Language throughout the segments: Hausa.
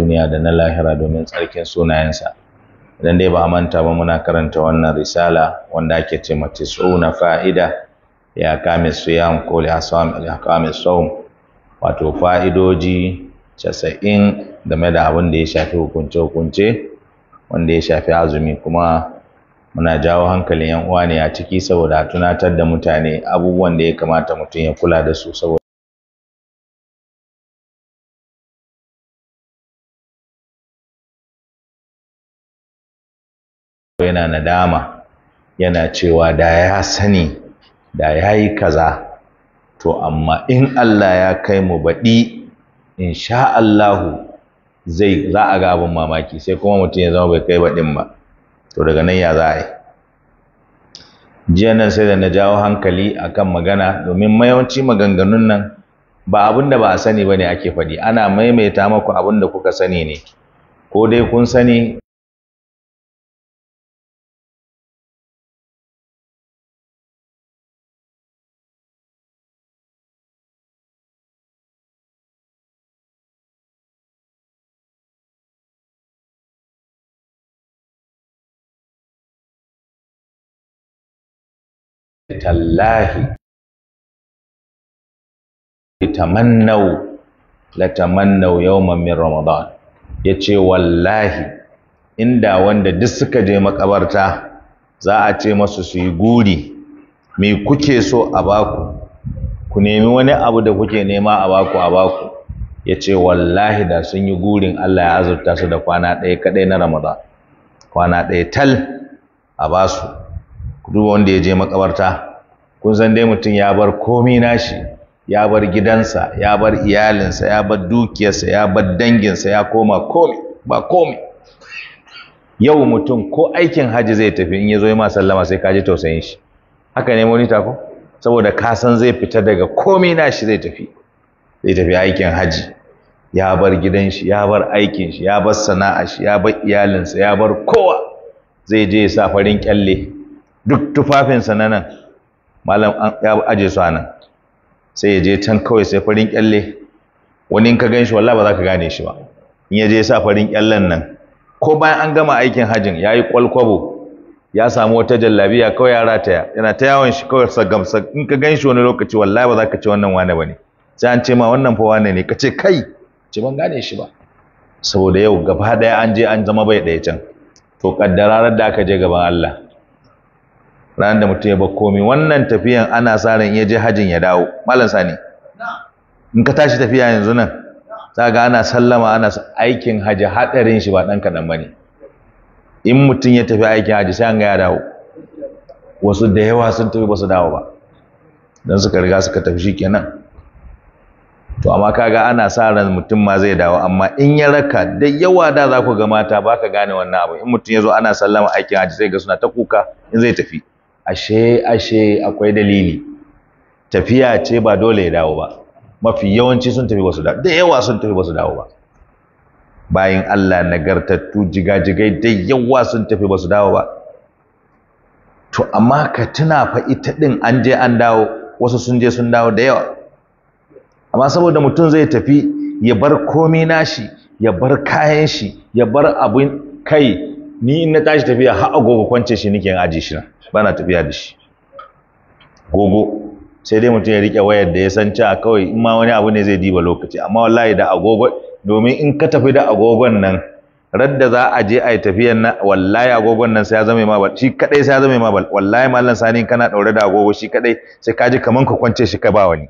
duniya da na lahira domin tsarkin sunayensa idan dai ba a manta ba muna karanta wannan risala wanda ake ce mace tis'una fa'ida ya kame siyam ko ya kame sawm wato fa'idoji da game da abin da ya shafi hukunce hukunce wanda ya shafi azumi kuma muna jawo hankalin yan uwa ne a ciki saboda tunatar da mutane abubuwan da ya kamata mutum ya kula da su saboda yana nadama yana cewa da ya sani da ya yi kaza to amma in Allah ya kai mu baɗi insha Allahu zai za a ga abin mamaki sai kuma mutum ya zama bai kai baɗin ba to daga nan ya za a yi jiya nan sai da na jawo hankali akan magana domin mayawanci maganganun nan ba abin ba a sani ba ne ake faɗi ana maimaita maku abin da kuka sani ne ko dai kun sani tallahi tamannau la tamannau yawman min ramadan yace wallahi inda wanda duk suka je makabarta za a ce masu su yi guri me kuke so a baku ku nemi wani abu da kuke nema a baku a baku yace wallahi da sun yi gurin Allah ya azurta su da kwana ɗaya kaɗai na Ramadan kwana ɗaya tal a basu duk wanda ya je makabarta kun san dai mutum ya bar komi nashi ya bar gidansa ya bar iyalinsa ya bar dukiyarsa ya bar danginsa ya koma komi ba komi yau mutum ko aikin haji zai tafi in ya zo ma sallama sai kaji tausayin shi haka ne monita tako saboda ka san zai fita daga komi nashi zai tafi zai tafi aikin haji ya bar gidan shi ya bar aikin shi ya bar sana'a shi ya bar iyalinsa ya bar kowa zai je ya sa farin kyalle duk tufafinsa na nan malam ya aje su anan sai ya je can kawai sai farin kyalle wani in ka gan shi wallahi ba za ka gane shi ba in ya je sa farin kyallen nan ko bayan an gama aikin hajin, ya yi kwalkwabo ya samu wata jallabiya kawai ya rataya yana ta yawon shi kawai gamsa in ka gan shi wani lokaci wallahi ba za ka ce wannan wane ba ne sai an ce ma wannan fa wane ne ka ce kai ce ban gane shi ba saboda yau gaba ɗaya an je an zama bai ɗaya can to kaddararar da aka je gaban Allah ran da mutum ya bar komi wannan tafiyan ana sa ran ya je hajjin ya dawo malam sani in ka tashi tafiya yanzu nan za ga ana sallama ana aikin haji hadarin shi ba dan kaɗan ba ne in mutum ya tafi aikin haji sai an ga ya dawo wasu da yawa sun tafi ba su dawo ba dan suka riga suka tafi shi kenan to amma kaga ana sa ran mutum ma zai dawo amma in ya raka da yawa da za ku ga mata ba gane wannan abu in mutum ya zo ana sallama aikin haji sai ga suna ta kuka in zai tafi ashe ashe akwai dalili tafiya ce ba dole ya dawo ba mafi yawanci sun tafi basu dawo da yawa sun tafi basu dawo ba bayan Allah nagartattu jigajigai da yawa sun tafi basu dawo ba to amma ka tuna fa ita din an je an dawo wasu sun je sun dawo da yawa amma saboda mutum zai tafi ya bar komi nashi ya bar kayan shi ya bar abin kai ni in na tashi tafiya har agogo kwance shi nake aji shi na ba na tafiya da shi gogo sai dai mutum ya rike wayar da ya san cewa kawai in ma wani abu ne zai diba lokaci amma wallahi da agogo domin in ka tafi da agogon nan radda za a je a yi tafiyan nan wallahi agogon nan sai ya zama ma shi kadai sai ya zama ma wallahi mallan sani kana daure da agogo shi kadai sai ka ji kaman ka kwance shi ka ba wani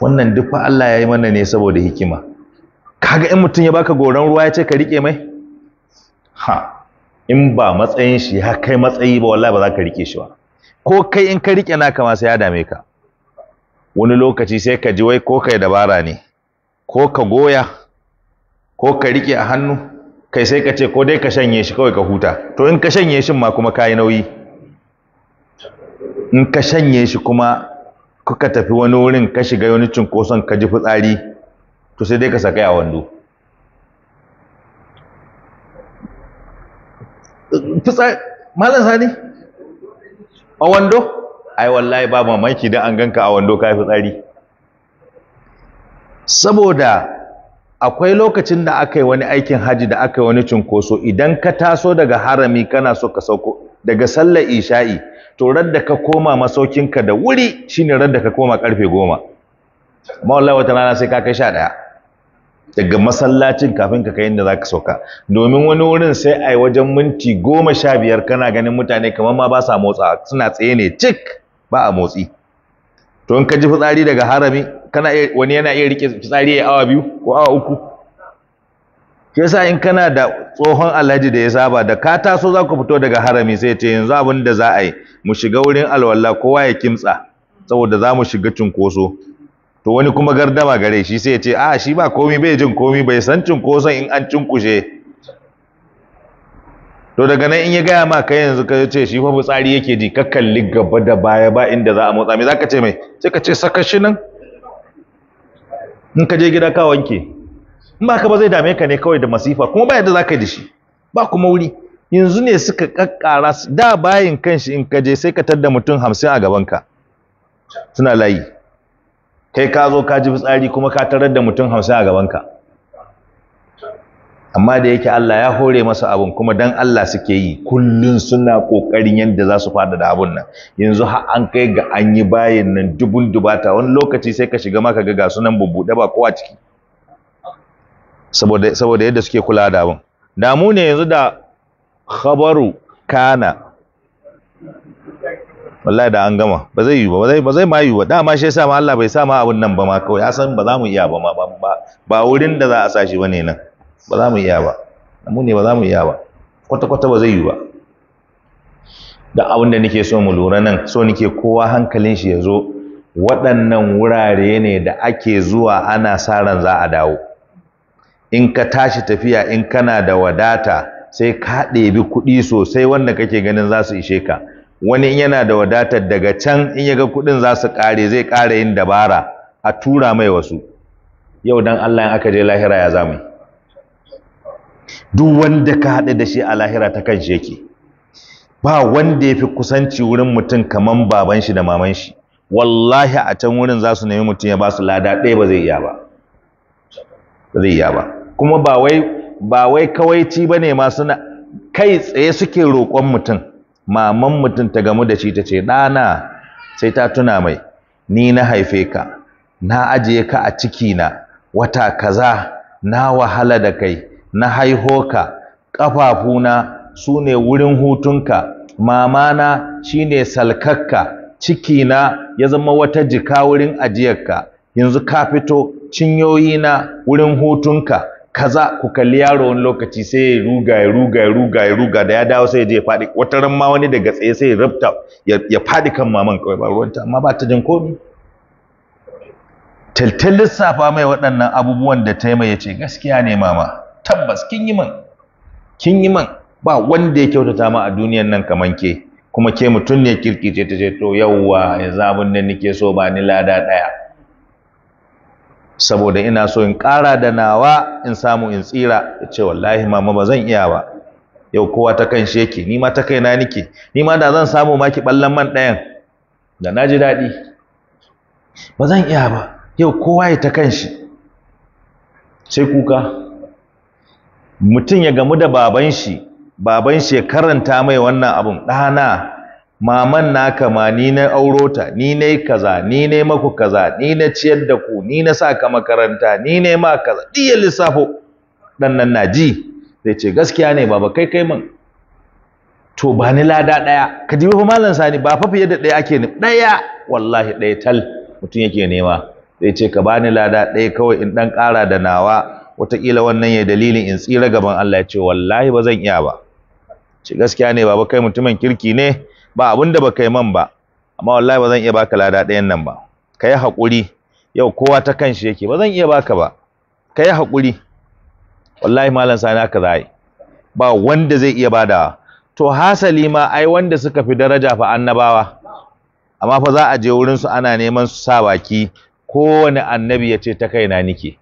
wannan duk fa Allah ya yi mana ne saboda hikima kaga in mutum ya baka goran ruwa ya ce ka rike mai ha in ba matsayin shi ya kai matsayi ba wallahi ba za ka rike shi ba ko kai in ka rike naka ma sai ya dame ka wani lokaci sai ka ji wai ko kai dabara ne ko ka goya ko ka rike a hannu kai sai ka ce ko dai ka shanye shi kawai ka huta to in ka shanye shi ma kuma kai nauyi in ka shanye shi kuma kuka tafi wani wurin ka shiga wani cunkoson ka ji fitsari to sai dai ka saka a wando malam sani a wando ai wallahi ba mamaki dan an ganka a wando kai fitsari saboda akwai lokacin da aka yi wani aikin haji da aka yi wani cunkoso idan ka taso daga harami kana so ka sauko daga sallar isha'i to radda ka koma masaukinka da wuri shine radda ka koma karfe goma ma wallahi wata rana sai ka kai sha daga masallacin kafin ka kai inda zaka sauka domin wani wurin sai ai wajen minti goma sha biyar kana ganin mutane kamar ma ba sa motsa suna tsaye ne cik ba a motsi to in ka ji fitsari daga harami kana wani yana iya rike fitsari ya awa biyu ko awa uku shi sa in kana da tsohon alhaji da ya saba da ka taso za ku fito daga harami sai ce yanzu abin da za a yi mu shiga wurin alwala kowa ya kimtsa saboda za mu shiga cunkoso to wani kuma gardama gare shi sai ya ce a ah, shi ba komi bai jin komi bai san cinkoson in an cinkushe to daga nan in ya gaya ma kai yanzu ka ce shi fa fitsari yake ji ka kalli gaba da baya ba inda za a motsa me zaka ce mai sai ka ce saka shi nan in ka je gida ka wanke in ba ka ba zai dame ka ne kawai da masifa kuma ba yadda zaka yi da shi ba kuma wuri yanzu ne suka kakkara da bayin kanshi in ka je sai ka tadda mutum hamsin a gaban ka suna layi kai ka zo ka ji fitsari kuma ka tarar da mutum hamsin a gabanka amma da yake Allah ya hore masa abin kuma dan Allah suke yi kullum suna kokarin yadda za su fada da abun nan yanzu har an kai ga an yi bayin nan dubul dubata wani lokaci sai ka shiga maka ga gasu nan bubbuɗe ba kowa ciki saboda yadda suke kula da abun Damu ne yanzu da khabaru kana wallahi da an gama ba zai yi ba ba zai ma yi ba dama shi yasa ma Allah bai sa ma abun nan ba ma kawai ya san ba za mu iya ba ma ba wurin da za a sa shi bane nan ba za mu iya ba mu ne ba za mu iya ba kwata kwata ba zai yi ba da abun da nake so mu lura nan so nake kowa hankalin shi ya zo waɗannan wurare ne da ake zuwa ana sa ran za a dawo in ka tashi tafiya in kana da wadata sai ka ɗebi kuɗi sosai wanda kake ganin za su ishe ka wani in yana da wadatar daga can in yaga ga kuɗin za su ƙare zai ƙara yin dabara a tura mai wasu yau dan Allah in aka je lahira ya zamu duk wanda ka haɗu da shi a lahira ta kan shi yake ba wanda ya fi kusanci wurin mutum kamar baban shi da maman shi wallahi a can wurin za su nemi mutum ya ba su lada ɗaya ba zai iya ba zai iya ba kuma ba wai ba wai kawaici bane ma suna kai tsaye suke roƙon mutum maman mutum ta gamu da shi ta ce ɗana sai ta tuna mai ni na haife ka na ajiye ka a cikina wata kaza na wahala da kai na haiho ka ƙafafuna su ne wurin hutunka mamana shi ne salkakka cikina ya zama wata jika wurin ajiyarka yanzu ka fito na wurin hutunka kaza ku kalli yaro wani lokaci sai ya ruga ya ruga ya ruga ya ruga da ya dawo sai ya je ya faɗi wata ran ma wani daga tsaye sai ya rubta ya faɗi kan maman kawai ba ruwanta amma ba ta jin komi taltal lissafa mai waɗannan abubuwan da ta yi mai ya ce gaskiya ne mama tabbas kin yi man kin yi man ba wanda ya kyautata ma a duniyan nan kaman ke kuma ke mutum ne kirkice ta ce to yawwa yanzu abin da nake so ba ni lada ɗaya saboda ina so in ƙara da nawa in samu in tsira ya ce wallahi mama ba zan iya ba yau kowa ta kan shi yake ni ma ta kaina nike ni ma da zan samu maki ballan man ɗayan da na ji daɗi ba zan iya ba yau kowa ya ta kan shi sai kuka mutum ya gamu da baban shi baban shi ya karanta mai wannan abun ɗana maman naka ma ni na auro ta ni na kaza ni ne maku kaza ni na ciyar da ku ni na saka makaranta ni ne ma kaza duk lissafo dan nan na ji zai ce gaskiya ne baba kai kai min to ba ni lada daya ka ji fa mallan sani ba fa fiye da daya ake ni daya wallahi daya tal mutum yake nema zai ce ka bani lada daya kawai in dan kara da nawa wataƙila wannan ya dalilin in tsira gaban Allah ya ce wallahi ba zan iya ba ce gaskiya ne baba kai mutumin kirki ne ba abin da baka man ba amma wallahi ba zan iya baka lada ɗayan nan ba ka yi haƙuri yau kowa ta kan yake ba zan iya baka ba ka yi haƙuri wallahi malam sani haka za ba wanda zai iya badawa to hasali ma ai wanda suka fi daraja fa annabawa amma fa za a je wurin su ana neman su sa baki kowane annabi ya ce ta kaina nike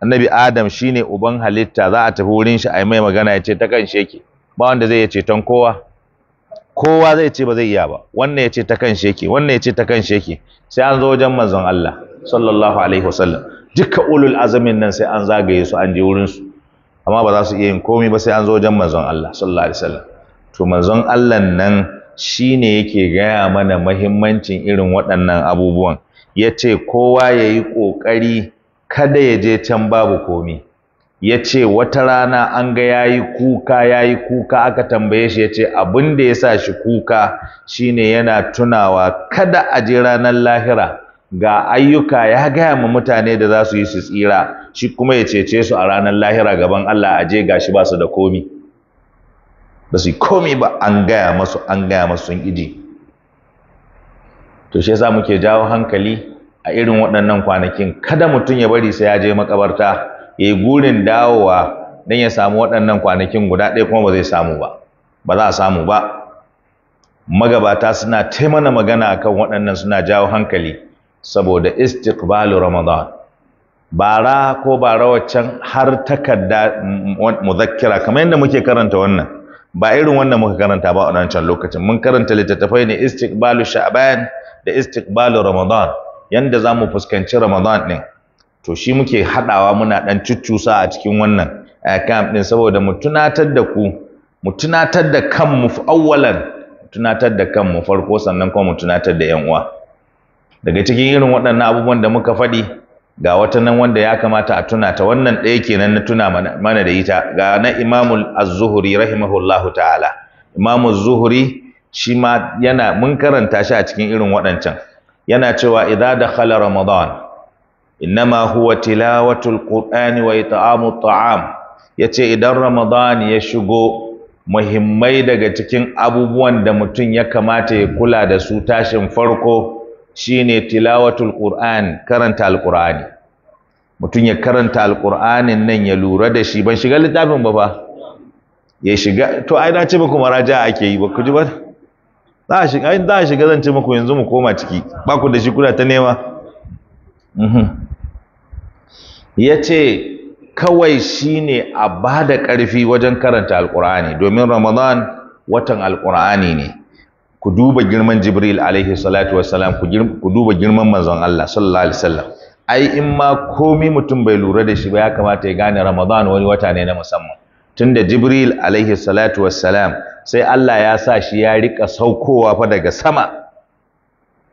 annabi adam shine uban halitta za a tafi wurin shi a yi mai magana ya ce ta kan yake ba wanda zai ya ceton kowa kowa zai ce ba zai iya ba wannan ya ce ta kan sheke wannan ya ce ta kan sheke sai an zo wajen manzon Allah sallallahu alaihi wasallam duka ulul azamin nan sai an zagaye su an je wurin su amma ba za su iya yin komai ba sai an zo wajen manzon Allah sallallahu alaihi wasallam to manzon Allah nan shine yake gaya mana mahimmancin irin waɗannan abubuwan yace kowa yayi kokari kada ya je can babu komai ya ce wata rana an ga ya yi kuka ya yi kuka aka tambaye shi ya ce abin da ya sa shi kuka shine yana tunawa kada a je ranar lahira ga ayyuka ya gaya ma mutane da za su yi su tsira shi kuma ya cece su a ranar lahira gaban Allah a je gashi ba su da komi ba su yi komi ba an gaya masu an gaya masu sun iji to shi yasa muke jawo hankali a irin waɗannan kwanakin kada mutum ya bari sai ya je makabarta ya yi gurin dawowa don ya samu waɗannan kwanakin guda ɗaya kuma ba zai samu ba ba za a samu ba magabata suna taimana magana a kan waɗannan suna jawo hankali saboda istiqbalu ramadan bara ko bara waccan har takarda muzakkira kamar yadda muke karanta wannan ba irin wannan muka karanta ba a wancan lokacin mun karanta littattafai ne istiqbalu sha'ban da istiqbalu ramadan yanda zamu fuskanci ramadan ɗin. to shi muke haɗawa muna ɗan cuccusa a cikin wannan camp ɗin saboda mu tunatar da ku mu tunatar da kanmu awwalan tunatar da kanmu farko sannan kuma mu tunatar da 'yan uwa daga cikin irin waɗannan abubuwan da muka faɗi ga wata nan wanda ya kamata a tuna ta wannan ɗaya kenan na tuna mana da ita ga na imamul az-zuhri rahimahullahu ta'ala imamu zuhri shi ma yana mun karanta shi a cikin irin waɗancan yana cewa idza dakhala ramadan innama huwa tilawatul qur'ani wa it'amut ta'am yace idan ramadan ya shigo muhimmai daga cikin abubuwan da mutum ya kamata ya kula da su tashin farko shine tilawatul qur'an karanta alqur'ani mutum ya karanta alqur'anin nan ya lura da shi ban shiga littafin ba fa ya shiga to ai na ce muku maraja ake yi ba ku ji ba za a shiga za a shiga zan ce muku yanzu mu koma ciki ba ku da shi kuna ta nema mhm ya ce kawai shine a ba da ƙarfi wajen karanta alƙur'ani domin ramadan watan alƙur'ani ne ku duba girman jibril alaihi salatu wassalam ku duba girman manzon Allah sallallahu alaihi wasallam ai in ma komi mutum bai lura da shi ba ya kamata ya gane ramadan wani wata ne na musamman tunda jibril alaihi salatu wassalam sai Allah ya sa shi ya rika saukowa fa daga sama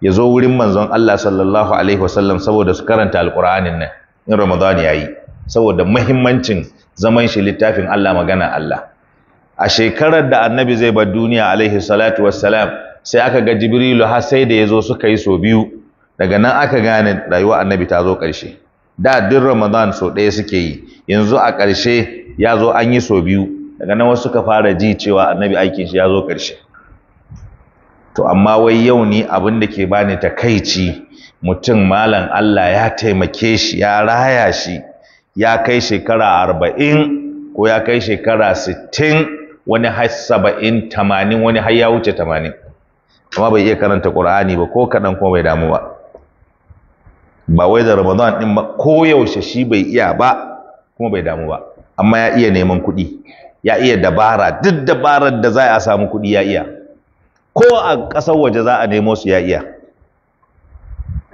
ya zo wurin manzon Allah sallallahu alaihi wasallam saboda su karanta alƙur'anin nan in Ramadan ya yi saboda mahimmancin zaman shi littafin Allah magana Allah a shekarar da annabi zai bar duniya alaihi salatu wassalam sai aka ga Jibrilu har sai da ya zo suka yi so biyu daga nan aka gane rayuwa annabi ta zo ƙarshe da duk Ramadan so ɗaya suke yi yanzu a ƙarshe ya zo an yi so biyu daga nan wasu suka fara ji cewa annabi aikin shi ya zo ƙarshe to amma wai yau ni abin da ke bani takaici mutum malam Allah ya taimake shi ya raya shi ya kai shekara arba'in ko ya kai shekara sittin wani har saba'in tamanin wani har ya wuce tamanin amma bai iya karanta ƙur'ani ba ko kaɗan kuma bai damu ba ba wai da ramadan ɗin ba ko yaushe shi bai iya ba kuma bai damu ba amma ya iya neman kuɗi ya iya dabara duk dabarar da za a samu kuɗi ya iya ko a ƙasar waje za a nemo su ya iya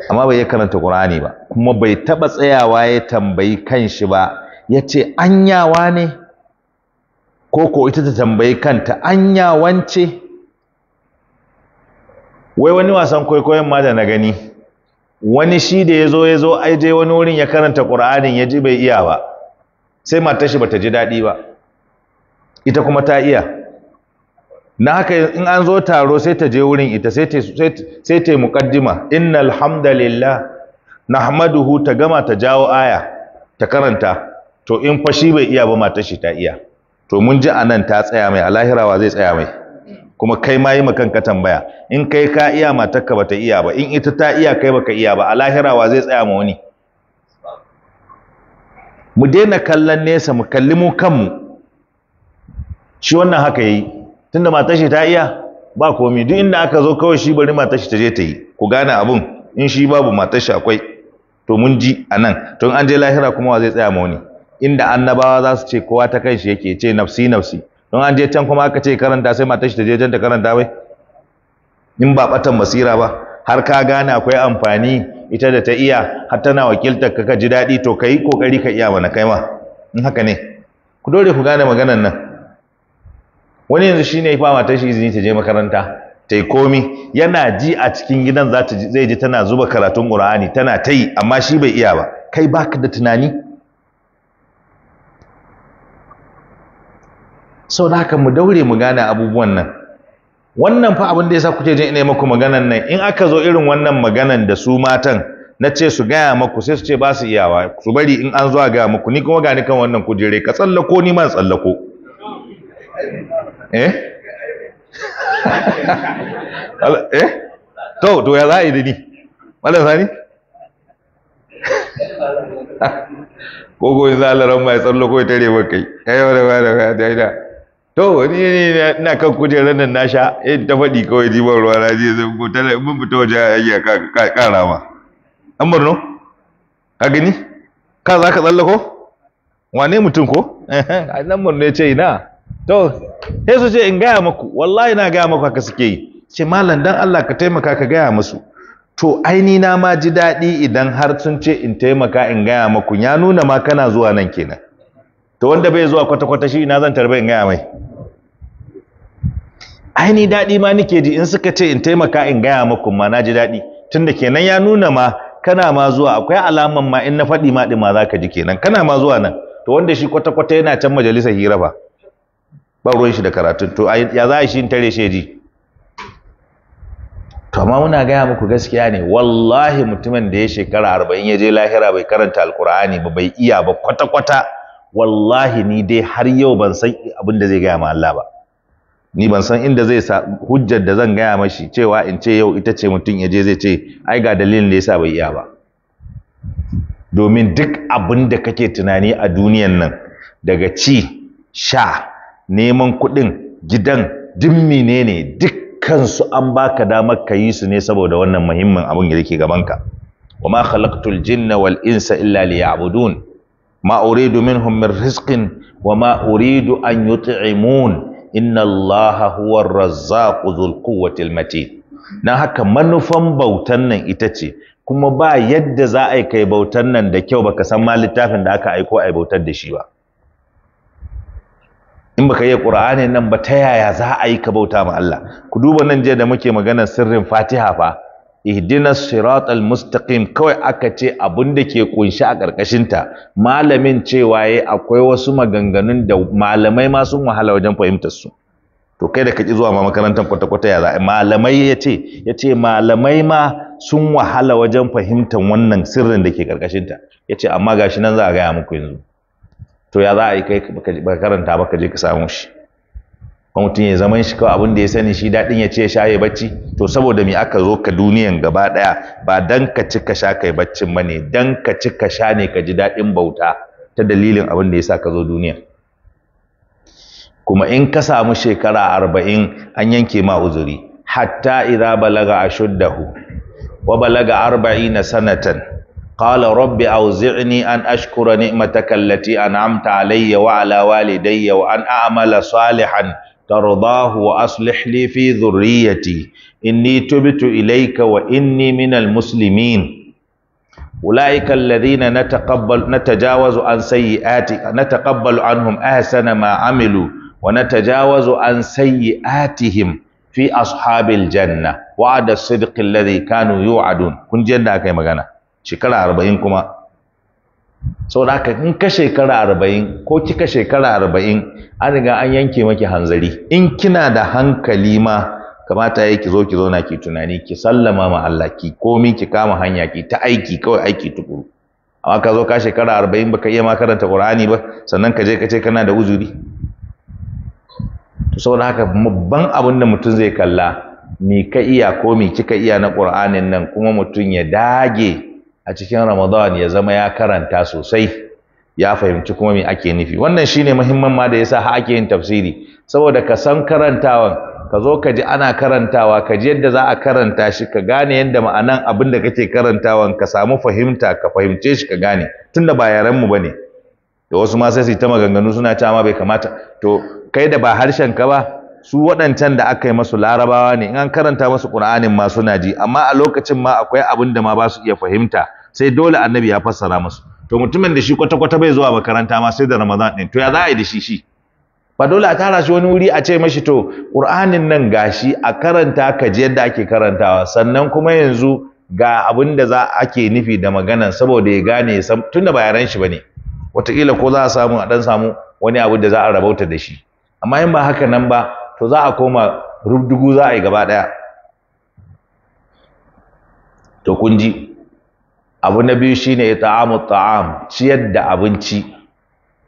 amma bai karanta Qur'ani ba kuma bai taba tsayawa ya tambayi kanshi ba yace anyawa ne ko ko ita ta tambayi kanta anyawance? wai wani wasan kwaikwayon ma da na gani wani shi da yazo yazo ai je wani wurin ya karanta Qur'anin ya ji bai iya ba sai matar shi bata ji dadi ba ita kuma ta iya na haka in an zo taro sai ta je wurin ita sai ta yi mukaddima Inna alhamdulillah. na hamaduhu ta gama ta jawo aya ta karanta to in fa shi bai iya ba matar shi ta iya to mun ji anan ta tsaya mai alahirawa zai tsaya mai kuma kai ma yi ma ka tambaya in kai ka iya ba ta iya ba in ita ta iya kai baka iya ba alahirawa zai tsaya ma wani mu daina kallon nesa mu kalli mu kanmu shi wannan haka yayi tunda matar shi ta iya ba komi duk inda aka zo kawai shi bari matar shi ta je ta yi ku gane abun in shi babu matar shi akwai to mun ji anan tun an je lahira kuma wa zai tsaya ma wani inda annabawa za su ce kowa ta kai shi yake ce nafsi nafsi don an je can kuma aka ce karanta sai matar shi ta je can ta karanta bai in ba batan basira ba har ka gane akwai amfani ita da ta iya har tana wakiltar ka ka ji daɗi to ka yi ƙoƙari ka iya mana kai ma in haka ne ku dole ku gane maganar nan wani yanzu shine ba matar shi izini ta je makaranta ta yi komi yana ji a cikin gidan za ta zai ji tana zuba karatun ƙur'ani, tana ta yi amma shi bai iya ba kai baka da tunani sau da mu daure mu gane abubuwan nan wannan fa abin da sa kuke jin ina muku maganan nan in aka zo irin wannan maganan da su matan na ce su gaya maku sai su ce ba su iyawa su bari in an zuwa gaya muku ni kuma gani kan wannan kujere ka tsallako ni ma tsallako eh eh to to ya za a yi da ni sani ko ko za Allah ran mai tsallo ko tare ba kai eh wala wala wala dai da to ni ne na kan kujerar nan na sha eh ta faɗi kawai jiban ruwa na je zan ko tare mun fito waje ayya ka kara ma an murno ka gani ka za ka tsallako wane mutum ko eh nan murno ya ce ina to sai su ce in gaya maku wallahi na gaya maku haka suke yi ce malam dan Allah ka taimaka ka gaya musu to aini na ma ji daɗi idan har sun ce in taimaka in gaya maku ya nuna ma kana zuwa nan kenan to wanda bai zuwa kwata-kwata shi ina zan tarbe in gaya mai aini daɗi ma nike ji in suka ce in taimaka in gaya maku ma na ji daɗi tunda kenan ya nuna ma kana ma zuwa akwai alaman ma in na faɗi ma ɗin ma za ka ji kenan kana ma zuwa nan to wanda shi kwata-kwata yana can majalisar hira ba ba ruwan shi da karatun to ya za a shi tare shi ji to amma muna gaya muku gaskiya ne wallahi mutumin da ya shekara arba'in ya je lahira bai karanta alkur'ani ba bai iya ba kwata-kwata wallahi ni dai har yau ban san abin da zai gaya ma Allah ba ni ban san inda zai sa hujjar da zan gaya mashi cewa in ce yau ita ce mutum ya je zai ce ai ga dalilin da yasa bai iya ba domin duk abin da kake tunani a duniyan nan daga ci sha neman kuɗin gidan duk menene dukkansu an baka damar ka yi su ne saboda wannan muhimmin abin da yake gabanka wa ma khalaqtul jinna wal insa illa liya'budun ma uridu minhum min rizqin wa ma uridu an yut'imun inna allaha huwa ar-razzaqu dhul quwwati al-matin na haka manufan bautan nan ita ce kuma ba yadda za a kai bautan nan da kyau baka san ma littafin da aka aiko ai bautar da shi ba in baka yi Qur'ani nan ba ta yaya za a yi ka bauta ma Allah ku duba nan je da muke magana sirrin Fatiha fa ihdinas siratal mustaqim kawai aka ce abun da ke kunshi a karkashin ta malamin cewa yayi akwai wasu maganganun da malamai ma sun wahala wajen fahimtar su to kai da kaji zuwa ma makarantar kwata-kwata ya za'a malamai ya ce ya ce malamai ma sun wahala wajen fahimtar wannan sirrin da ke ƙarƙashinta ya ce amma gashi nan za a gaya muku yanzu to ya za a yi kai ba karanta ba ka je ka samu shi ba mutum ya zaman shi kawai abin da ya sani shi daɗin ya ce sha ya bacci to saboda me aka zo ka duniyan gaba ɗaya ba dan ka ci ka sha kai baccin ba ne dan ka ci ka sha ne ka ji daɗin bauta ta dalilin abin da ya sa ka zo duniya kuma in ka samu shekara arba'in an yanke ma uzuri hatta idza balaga ashuddahu wa balaga arba'ina sanatan قال رب أوزعني أن أشكر نعمتك التي أنعمت علي وعلى والدي وأن أعمل صالحا ترضاه وأصلح لي في ذريتي إني تبت إليك وإني من المسلمين أولئك الذين نتقبل نتجاوز عن سيئات نتقبل عنهم أحسن ما عملوا ونتجاوز عن سيئاتهم في أصحاب الجنة وعد الصدق الذي كانوا يوعدون كن جنة كما قلنا shekara arba'in kuma sau da haka in ka shekara arba'in ko kika shekara arba'in an riga an yanke maki hanzari in kina da hankali ma kamata ya ki zo ki zauna ki tunani ki sallama ma Allah ki komi ki kama hanya ki ta aiki kawai aiki tukuru amma ka zo ka shekara arba'in baka iya ma karanta Qur'ani ba sannan ka je ka ce kana da uzuri to saboda haka babban abin da mutum zai kalla me ka iya ko me kika iya na ƙur'anin nan kuma mutum ya dage a cikin Ramadan ya zama ya karanta sosai ya fahimci kuma me ake nufi wannan shine muhimman ma da yasa har ake yin tafsiri saboda ka san karantawan ka zo ka ji ana karantawa ka ji yadda za a karanta shi ka gane yadda ma'anan abin da kake karantawan ka samu fahimta ka fahimce shi ka gane tunda ba yaren mu bane da wasu ma sai su ta maganganu suna cewa ma bai kamata to kai da ba harshen ka ba su waɗancan da aka yi masu larabawa ne in an karanta masu ƙur'anin ma suna ji amma a lokacin ma akwai abin da ma ba su iya fahimta sai dole annabi ya fassara musu to mutumin da shi kwata-kwata bai zuwa makaranta ma sai da ramadan din to ya za a yi da shi shi ba dole a tara shi wani wuri a ce mashi to qur'anin nan gashi a karanta ka ji yadda ake karantawa sannan kuma yanzu ga abin da za ake nufi da maganan saboda ya gane tunda ba yaran shi bane wataƙila ko za a samu a dan samu wani abu da za a rabauta da shi amma in ba haka nan ba to za a koma rubdugu za a yi gaba ɗaya to kun ji abu na biyu shine ita'amu ta'am ciyar da abinci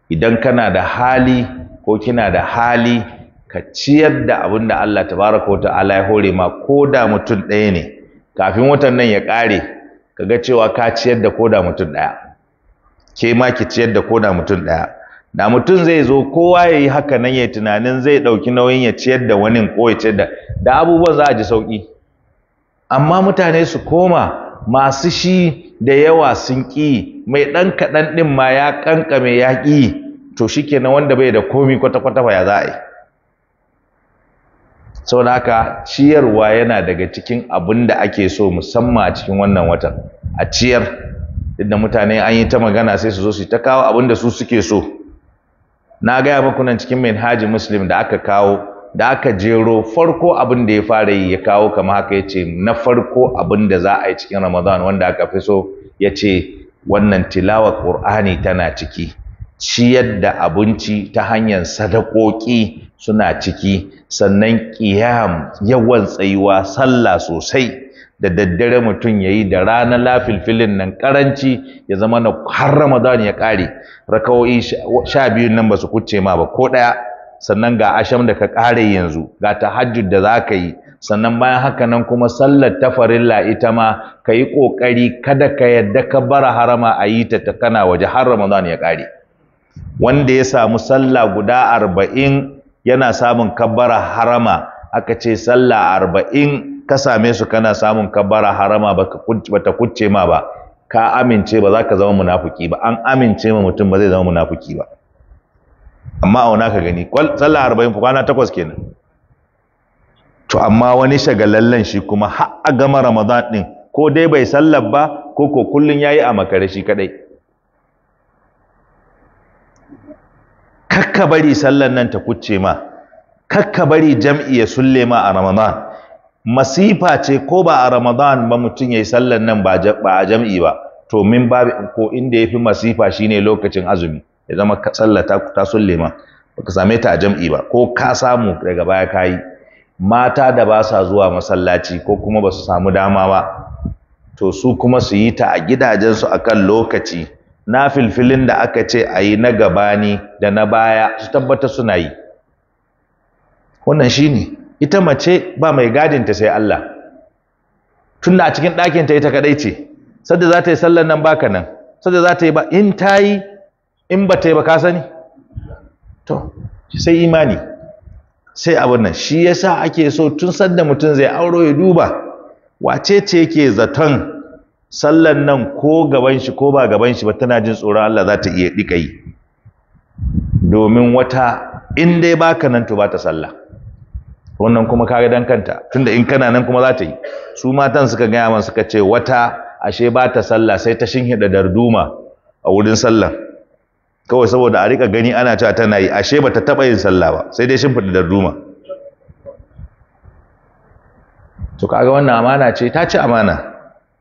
idan kana da hali ko kina da hali ka ciyar da abin da Allah ta tabaraka ala ya hore ma ko da mutum ɗaya ne kafin watan nan ya ƙare ka ga cewa ka ciyar da ko da mutum ɗaya ke ma ki ciyar da ko da mutum ɗaya da mutum zai zo kowa ya yi haka nan ya tunanin zai ɗauki nauyin ya ciyar da wani ko ya ciyar da da abubuwan za a ji sauƙi amma mutane su koma masu shi da yawa sun ƙi mai ɗan kaɗan ɗin ma ya ƙanƙame ya ƙi to shikenan wanda bai da komi kwata-kwata ba ya za a yi da haka ciyarwa yana daga cikin abin da ake so musamman a cikin wannan watan a ciyar inda mutane an yi ta magana sai su zo su ta kawo abin da su suke so na gaya muku nan cikin manhajin muslim da aka kawo da aka jero farko abin da ya fara yi ya kawo kama haka ya ce na farko abin da za a yi cikin ramadan wanda aka fi so ya ce wannan tilawa ƙur'ani tana ciki ciyar da abinci ta hanyar sadakoki suna ciki sannan ƙiyam yawan tsayuwa sallah sosai da daddare mutum ya yi da rana lafilfilin nan karanci ya zama na har ramadan ya ƙare rakawo'i sha biyun nan ba su kuce ma ba ko ɗaya sannan ga asham da ka ƙare yanzu ga tahajjud da za ka yi sannan bayan haka nan kuma sallar ta farilla ita ma ka yi ƙoƙari kada ka yadda ka bara harama a yi ta ta kana waje har ramadan ya ƙare wanda ya samu sallah guda arba'in yana samun kabbara harama aka ce sallah arba'in ka same su kana samun kabbara harama ba ta kucce ma ba ka amince ba za ka zama munafuki ba an amince ma mutum ba zai zama munafuki ba amma auna ka gani sallah arba'in kwana takwas kenan to amma wani shagalallen shi kuma har a gama ramadan din ko dai bai sallar ba ko ko kullun yi a makare shi kadai kakka bari sallar nan ta kucce ma kakka bari jam'i ya sulle ma a ramadan masifa ce ko ba a ramadan ba mutum yayi sallar nan ba a jam'i ba to min babu ko inda yafi masifa shine lokacin azumi ya zama ka tsallata ta sulle ma baka same ta a jam'i ba ko ka samu daga baya ka yi mata da ba sa zuwa masallaci ko kuma ba su samu dama ba to su kuma su yi ta a gidajensu akan lokaci na filfilin da aka ce a yi na gabani da na baya su tabbata suna yi wannan shi ne ita mace ba mai gadinta sai Allah tun da a cikin ɗakinta ita kaɗai ce sadda za ta yi sallan nan baka nan sadda za ta yi ba in ta yi in ba ta yi ba ka sani to sai imani sai abin nan shi ya yasa ake so tun sanda mutum zai auro ya duba wace ce yake zaton sallan nan ko gaban shi ko ba gaban shi ba tana jin tsoron Allah za ta iya dika yi domin wata in dai baka nan to ba ta sallah wannan kuma ka dan kanta tunda in kana nan kuma za ta yi su matan suka gaya man suka ce wata ashe ba ta sallah sai ta shinhida darduma a wurin sallan. kawai saboda a rika gani ana cewa tana yi ashe ba ta taba yin sallah ba sai dai shimfiɗa da duma to kaga wannan amana ce ta ci amana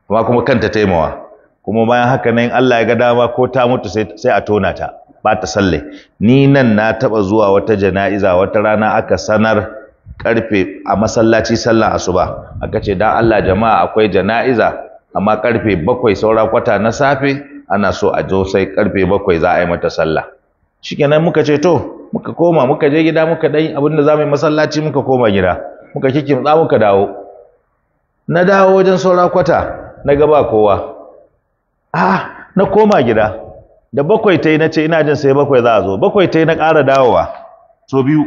amma kuma kanta taimawa kuma bayan haka nan Allah ya ga dama ko ta mutu sai a tona ta ba ta salle ni nan na taba zuwa wata jana'iza wata rana aka sanar karfe a masallaci sallah asuba aka ce dan Allah jama'a akwai jana'iza amma karfe bakwai saura kwata na safe ana so a zo sai karfe bakwai za a yi mata sallah Shi kenan muka ce to muka koma muka je gida muka dan abin da za mu yi masallaci muka koma gida muka kikimtsa muka dawo na dawo wajen saura kwata na ga ba kowa ah na koma gida da bakwai ta yi na ce ina jin sai bakwai za a zo bakwai ta yi na ƙara dawowa so biyu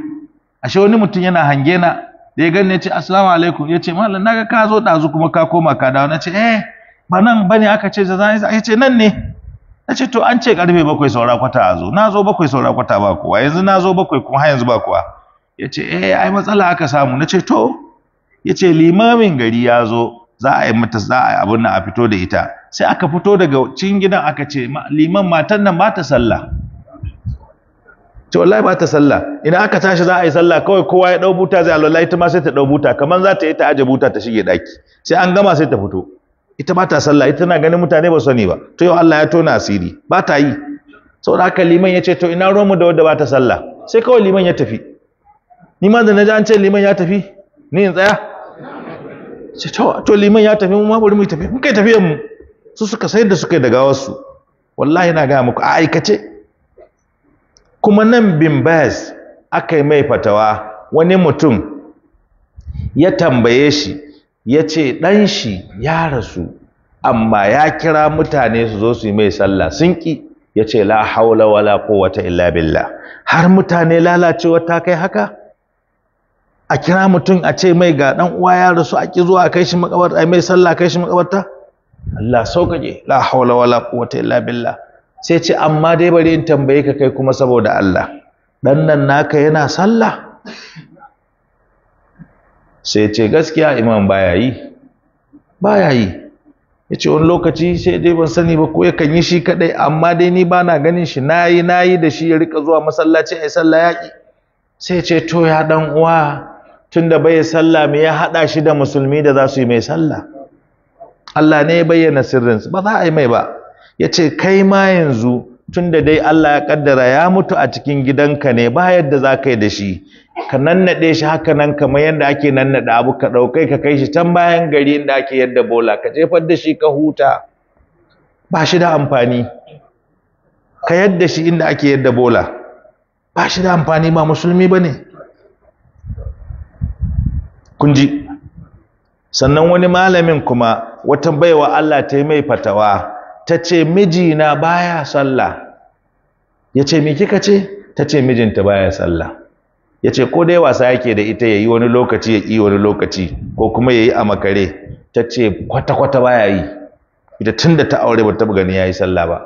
ashe wani mutum yana hange na da ya gani ya ce assalamu alaikum ya ce malam ga ka zo ɗazu kuma ka koma ka dawo na ce eh ba nan bane aka ce jana'iza ya ce nan ne na ce to an ce karfe bakwai saura kwata a zo na zo bakwai saura kwata ba kuwa yanzu na zo bakwai kuma har yanzu ba kuwa ya ce eh ai matsala aka samu na ce to ya ce limamin gari ya zo za a yi mata za a yi abin nan a fito da ita sai aka fito daga cikin gidan aka ce liman matan nan ba ta sallah ce wallahi ba ta sallah idan aka tashi za a yi sallah kawai kowa ya dau buta zai alwala ita ma sai ta dau buta kaman za ta yi ta aje buta ta shige daki sai an gama sai ta fito ita ba ta sallah ita tana ganin mutane ba sani ba to yau Allah ya tona asiri ba ta yi saboda haka liman ya ce to ina mu da wadda ba ta sallah sai kawai liman ya tafi ni ma da na an ce liman ya tafi ni in tsaya sai to to liman ya tafi mu ma bari mu tafi mu kai tafiyan mu su suka sayar da suka daga wasu wallahi na ga muku a aikace kuma nan bin bas aka yi mai fatawa wani mutum ya tambaye shi ya ce ɗan shi ya rasu amma ya kira mutane su zo su yi mai sallah sun ƙi ya ce la haula wala quwwata illa billah har mutane lalacewa ta kai haka a kira mutum a ce mai ga ɗan uwa ya rasu a ƙi zuwa kai shi makabarta yi mai sallah kai shi makabarta Allah sauƙaƙe la haula wala quwwata illa billah sai ce amma dai bari in tambaye ka kai kuma saboda Allah dan nan naka yana sallah sai ce gaskiya imam baya yi baya yi ya ce wani lokaci sai dai ban sani ba ko kan yi shi kadai amma dai ni ba na ganin shi na yi na yi da shi ya rika zuwa masallaci a yi sallah yaƙi sai ce to ya dan uwa tun da bai sallah me ya haɗa shi da musulmi da za su yi mai sallah Allah ne ya bayyana sirrinsu ba za a yi mai ba ya ce kai ma yanzu tunda dai Allah ya kaddara ya mutu a cikin gidanka ne ba yadda za ka yi da shi ka nannaɗe shi haka nan kamar yadda ake nannaɗe abu ka ɗaukai ka kai shi can bayan gari inda ake yadda bola ka jefar da shi ka huta ba shi da amfani ka yadda shi inda ake yadda bola ba shi da amfani ba musulmi ba ne kunji sannan wani malamin kuma wata baiwa Allah ta yi mai fatawa ta ce mijina baya sallah ya ce me kika ce ta ce mijinta baya sallah ya ce ko dai wasa yake da ita ya yi wani lokaci ya yi wani lokaci ko kuma ya yi a makare ta ce kwata-kwata baya yi ita tun da ta aure ba ta gani ya yi sallah ba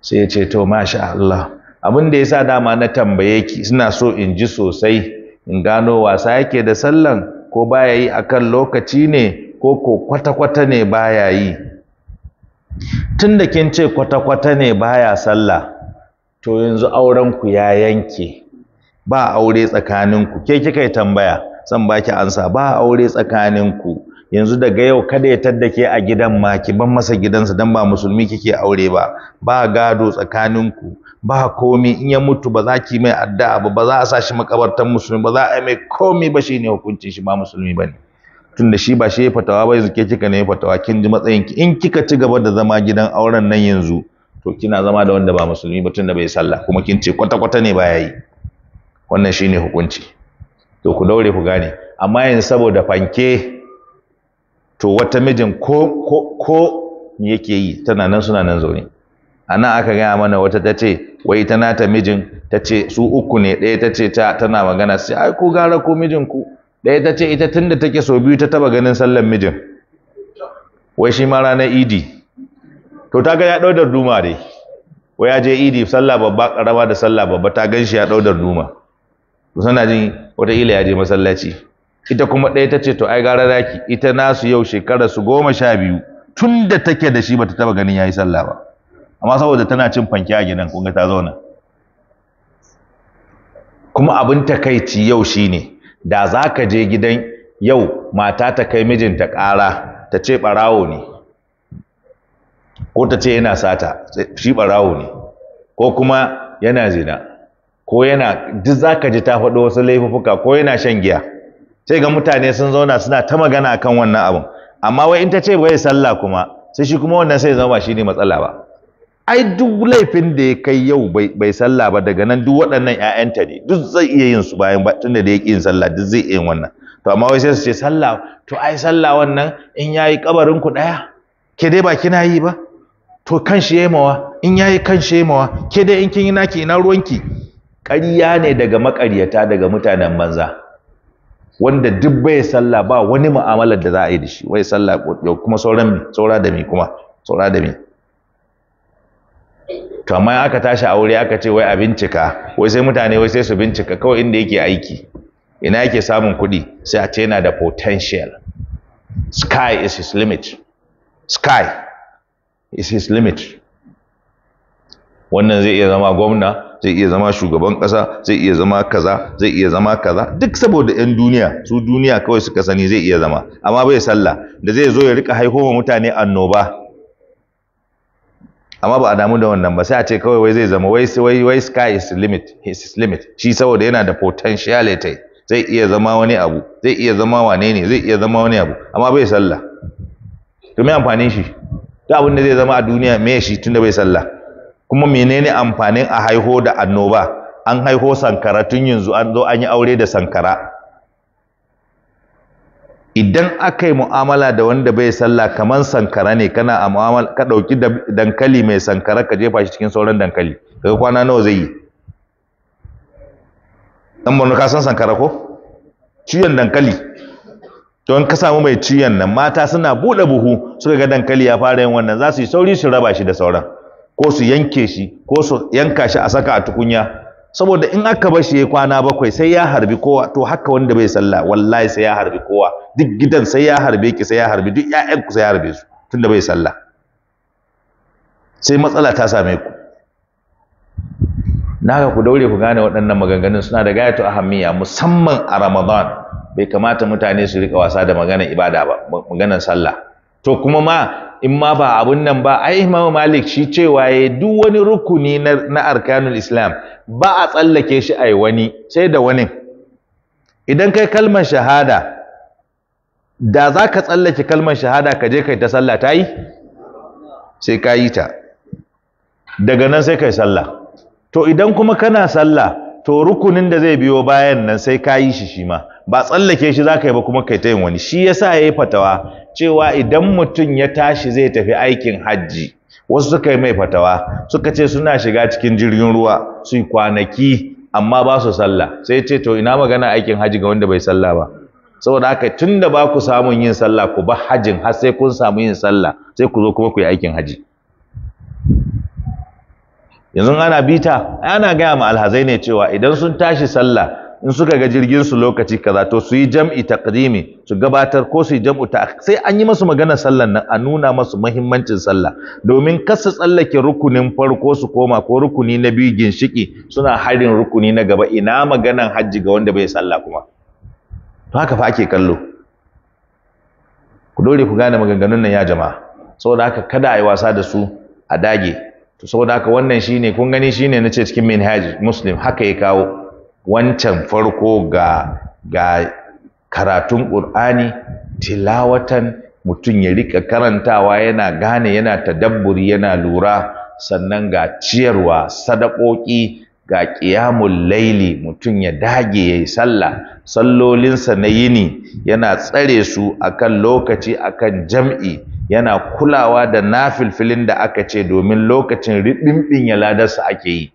sai ya ce to masha Allah abin da ya sa dama na tambaye ki suna so in ji sosai in gano wasa yake da sallan ko baya yi akan lokaci ne ko ko kwata-kwata ne baya yi tun da kin ce kwata-kwata ne baya sallah to yanzu aurenku ya yanke ba aure tsakaninku ke kika yi tambaya zan baki ansa ba aure tsakaninku yanzu daga yau kada ya tadda ke a gidan ma ki ban masa gidansa dan ba musulmi kike aure ba ba gado tsakaninku ba komi in ya mutu ba za ki mai addu'a ba ba za a sa shi makabartan musulmi ba za a mai komi ba shine hukuncin shi ba musulmi bane tunda shi ba shi ya fatawa ba yanzu ke kika ne fatawa kin ji matsayin ki in kika ci gaba da zama gidan auren nan yanzu to kina zama da wanda ba musulmi ba tunda bai sallah kuma kin ce kwata kwata ne baya yi wannan shine hukunci to ku daure ku gane amma yanzu saboda fanke to wata mijin ko ko ko yake yi tana nan suna nan zaune ana aka gaya mana wata ta ce wai ta mijin ta ce su uku ne ɗaya ta ce ta tana magana sai ai ko gara ko mijin ku ɗaya ta ce ita tunda take so biyu ta taba ganin sallan mijin wai shi ma ranar idi to ta ga ya ɗau duma dai wai ya je idi sallah babba ƙarama da sallah babba ta gan shi ya ɗau duma to sana jin wataƙila ya je masallaci ita kuma ɗaya ta ce to ai gara raki ita nasu yau shekara su goma sha biyu tun da take da shi bata taba ganin yayi sallah ba amma saboda tana cin fanke a gidan kun ga ta zauna kuma abin takaici yau shine da za ka je gidan yau mata ta kai mijinta ƙara ta ce ɓarawo ne ko ta ce yana sata shi ɓarawo ne ko kuma yana zina ko yana duk za ka ji ta faɗo wasu laifuka ko yana shan giya sai ga mutane sun zauna suna ta magana kan wannan abin amma wai in ta ce bai sallah kuma sai shi kuma wannan sai zama ba shi ne matsala ba ai duk laifin da ya kai yau bai sallah ba daga nan duk waɗannan 'ya'yanta ne duk zai iya yin su bayan ba tunda da ya ƙi yin sallah duk zai iya yin wannan to amma wai sai su ce sallah to ai sallah wannan in yayi kabarin ku daya ke dai ba kina yi ba to kan shi yayi mawa in yayi kan shi yayi mawa ke dai in kin yi naki ina ki? ƙarya ne daga maƙaryata daga mutanen banza wanda duk bai sallah ba wani mu'amalar da za a yi da shi wai sallah kuma sauran saura da mi kuma saura da mi to amma aka tashi a wuri aka ce wai a bincika wai sai mutane wai sai su bincika kawai inda yake aiki ina yake samun kuɗi sai a ce yana da potential sky is his limit sky is his limit wannan zai iya zama gwamna zai iya zama shugaban ƙasa zai iya zama kaza zai iya zama kaza duk saboda 'yan duniya su duniya kawai suka sani zai iya zama amma bai sallah da zai zo ya rika haihuwa mutane annoba amma ba a damu da wannan ba sai a ce kawai wai zai zama wai wai wai sky is limit his limit shi saboda yana da potentiality zai iya zama wani abu zai iya zama wane ne zai iya zama wani abu amma bai sallah to me amfanin shi duk abin da zai zama a duniya me shi tunda bai sallah kuma menene amfanin a haiho da annoba an haiho sankara tun yanzu an zo an yi aure da sankara idan aka yi mu'amala da wanda bai sallah kamar sankara ne kana a mu'amala ka dauki dankali mai sankara ka jefa shi cikin sauran dankali kaga kwana nawa zai yi dan mun ka san sankara ko ciyan dankali to in ka samu mai ciyan nan mata suna buɗe buhu suka ga dankali ya fara yin wannan za su yi sauri su raba shi da sauran ko su yanke shi ko su yanka shi a saka a tukunya saboda in aka bashi ya kwana bakwai sai ya harbi kowa to haka wanda bai salla wallahi sai ya harbi kowa duk gidan sai ya harbe ki sai ya harbi duk ƴaƴan ku sai ya harbe su tunda bai salla. sai matsala ta same ku naka ku daure ku gane waɗannan maganganun suna da gayatu ahammiya musamman a Ramadan bai kamata mutane su rika wasa da maganar ibada ba maganar sallah to kuma ma in ma ba abun nan ba ai Imam Malik shi cewa ya duk wani rukuni na, na arkanul Islam ba a tsallake shi ai wani sai da wani idan kai kalmar shahada da za ka tsallake kalmar shahada ka je kai ta sallah ta yi sai ka yi ta daga nan sai kai sallah to idan kuma kana sallah to rukunin da zai biyo bayan nan sai ka yi shi shi ma ba tsallake shi za ka yi ba kuma kai ta yin wani shi yasa ya yi fatawa cewa idan mutum ya tashi zai tafi aikin hajji wasu suka yi mai fatawa suka ce suna shiga cikin jirgin ruwa su yi kwanaki amma ba su sallah sai ce to ina magana aikin hajji ga wanda bai sallah ba saboda haka tun da ba ku samun yin sallah ku ba hajjin har sai kun samu yin sallah sai ku zo kuma ku yi aikin hajji yanzu ana bita ana gaya ma alhazai ne cewa idan sun tashi sallah in suka ga jirgin su lokaci kaza to su yi jam'i taqdimi su gabatar ko su yi jam'u ta sai an yi musu magana sallan nan a nuna musu muhimmancin sallah domin kasa su tsallake rukunin farko su koma ko rukuni na biyu ginshiki suna harin rukuni na gaba ina maganan hajji ga wanda bai sallah kuma to haka fa ake kallo ku dole ku gane maganganun nan ya jama'a saboda haka kada a yi wasa da su a dage to saboda haka wannan shine kun gani shine nace cikin minhaj muslim haka ya kawo wancan farko ga ga karatun ƙur'ani tilawatan mutum ya rika karantawa yana gane yana tadabburi yana lura sannan ga ciyarwa sadakoki ga ƙiyamun laili mutum ya dage ya yi sallah sallolinsa na yini yana tsare su akan lokaci akan jam'i yana kulawa da nafilfilin da aka ce domin lokacin riɗimɗin ya ladarsa ake yi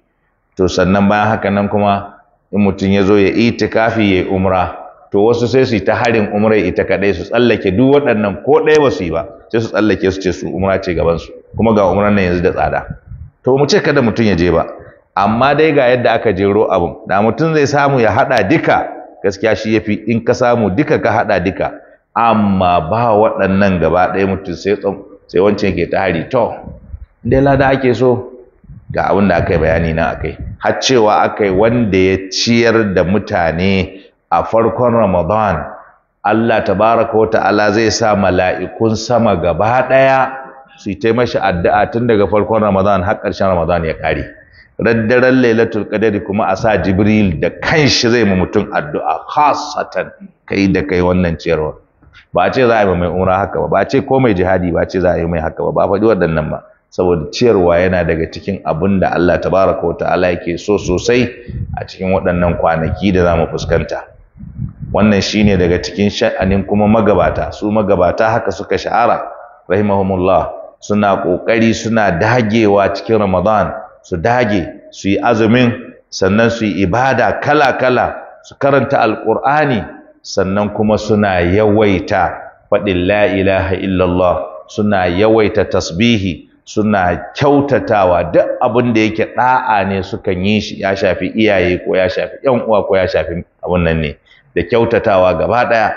to sannan bayan haka nan kuma in mutum ya zo ya kafi ya yi umra to wasu sai su yi ta harin umra ita kadai su tsallake duk waɗannan ko ɗaya ba su yi ba sai su tsallake su ce su umra ce gaban su kuma ga umran nan yanzu da tsada to mu ce kada mutum ya je ba amma dai ga yadda aka jero abun da mutum zai samu ya haɗa duka gaskiya shi yafi in ka samu duka ka haɗa duka amma ba waɗannan gaba ɗaya mutum sai sai wancan ke ta hari to dai lada ake so ga abin da aka yi bayani na akai har cewa akai wanda ya ciyar da mutane a farkon Ramadan Allah tabaraka wa ta'ala zai sa mala'ikun sama gaba ɗaya su yi mashi addu'a tun daga farkon Ramadan har ƙarshen Ramadan ya ƙare. Raddaren Lailatul Qadari kuma a sa Jibril da kanshi zai mu mutum addu'a khasatan kai da kai wannan ciyarwa. Ba a ce za a yi mai umra haka ba, ba a ce ko mai jihadi ba a ce za a yi mai haka ba, ba faɗi waɗannan ba. saboda ciyarwa yana daga cikin abin da Allah tabaraka wa ta'ala yake so sosai a cikin waɗannan kwanaki da zamu fuskanta wannan shine daga cikin sha'anin kuma magabata su magabata haka suka sha'ara rahimahumullah suna kokari suna dagewa cikin Ramadan su dage su yi azumin sannan su yi ibada kala-kala su karanta alkur'ani sannan kuma suna yawaita faɗin la ilaha illallah suna yawaita tasbihi suna kyautatawa duk abin da yake ɗa'a ne sukan yi shi ya shafi iyaye ko ya shafi yan uwa ko ya shafi abun nan ne da kyautatawa gaba ɗaya,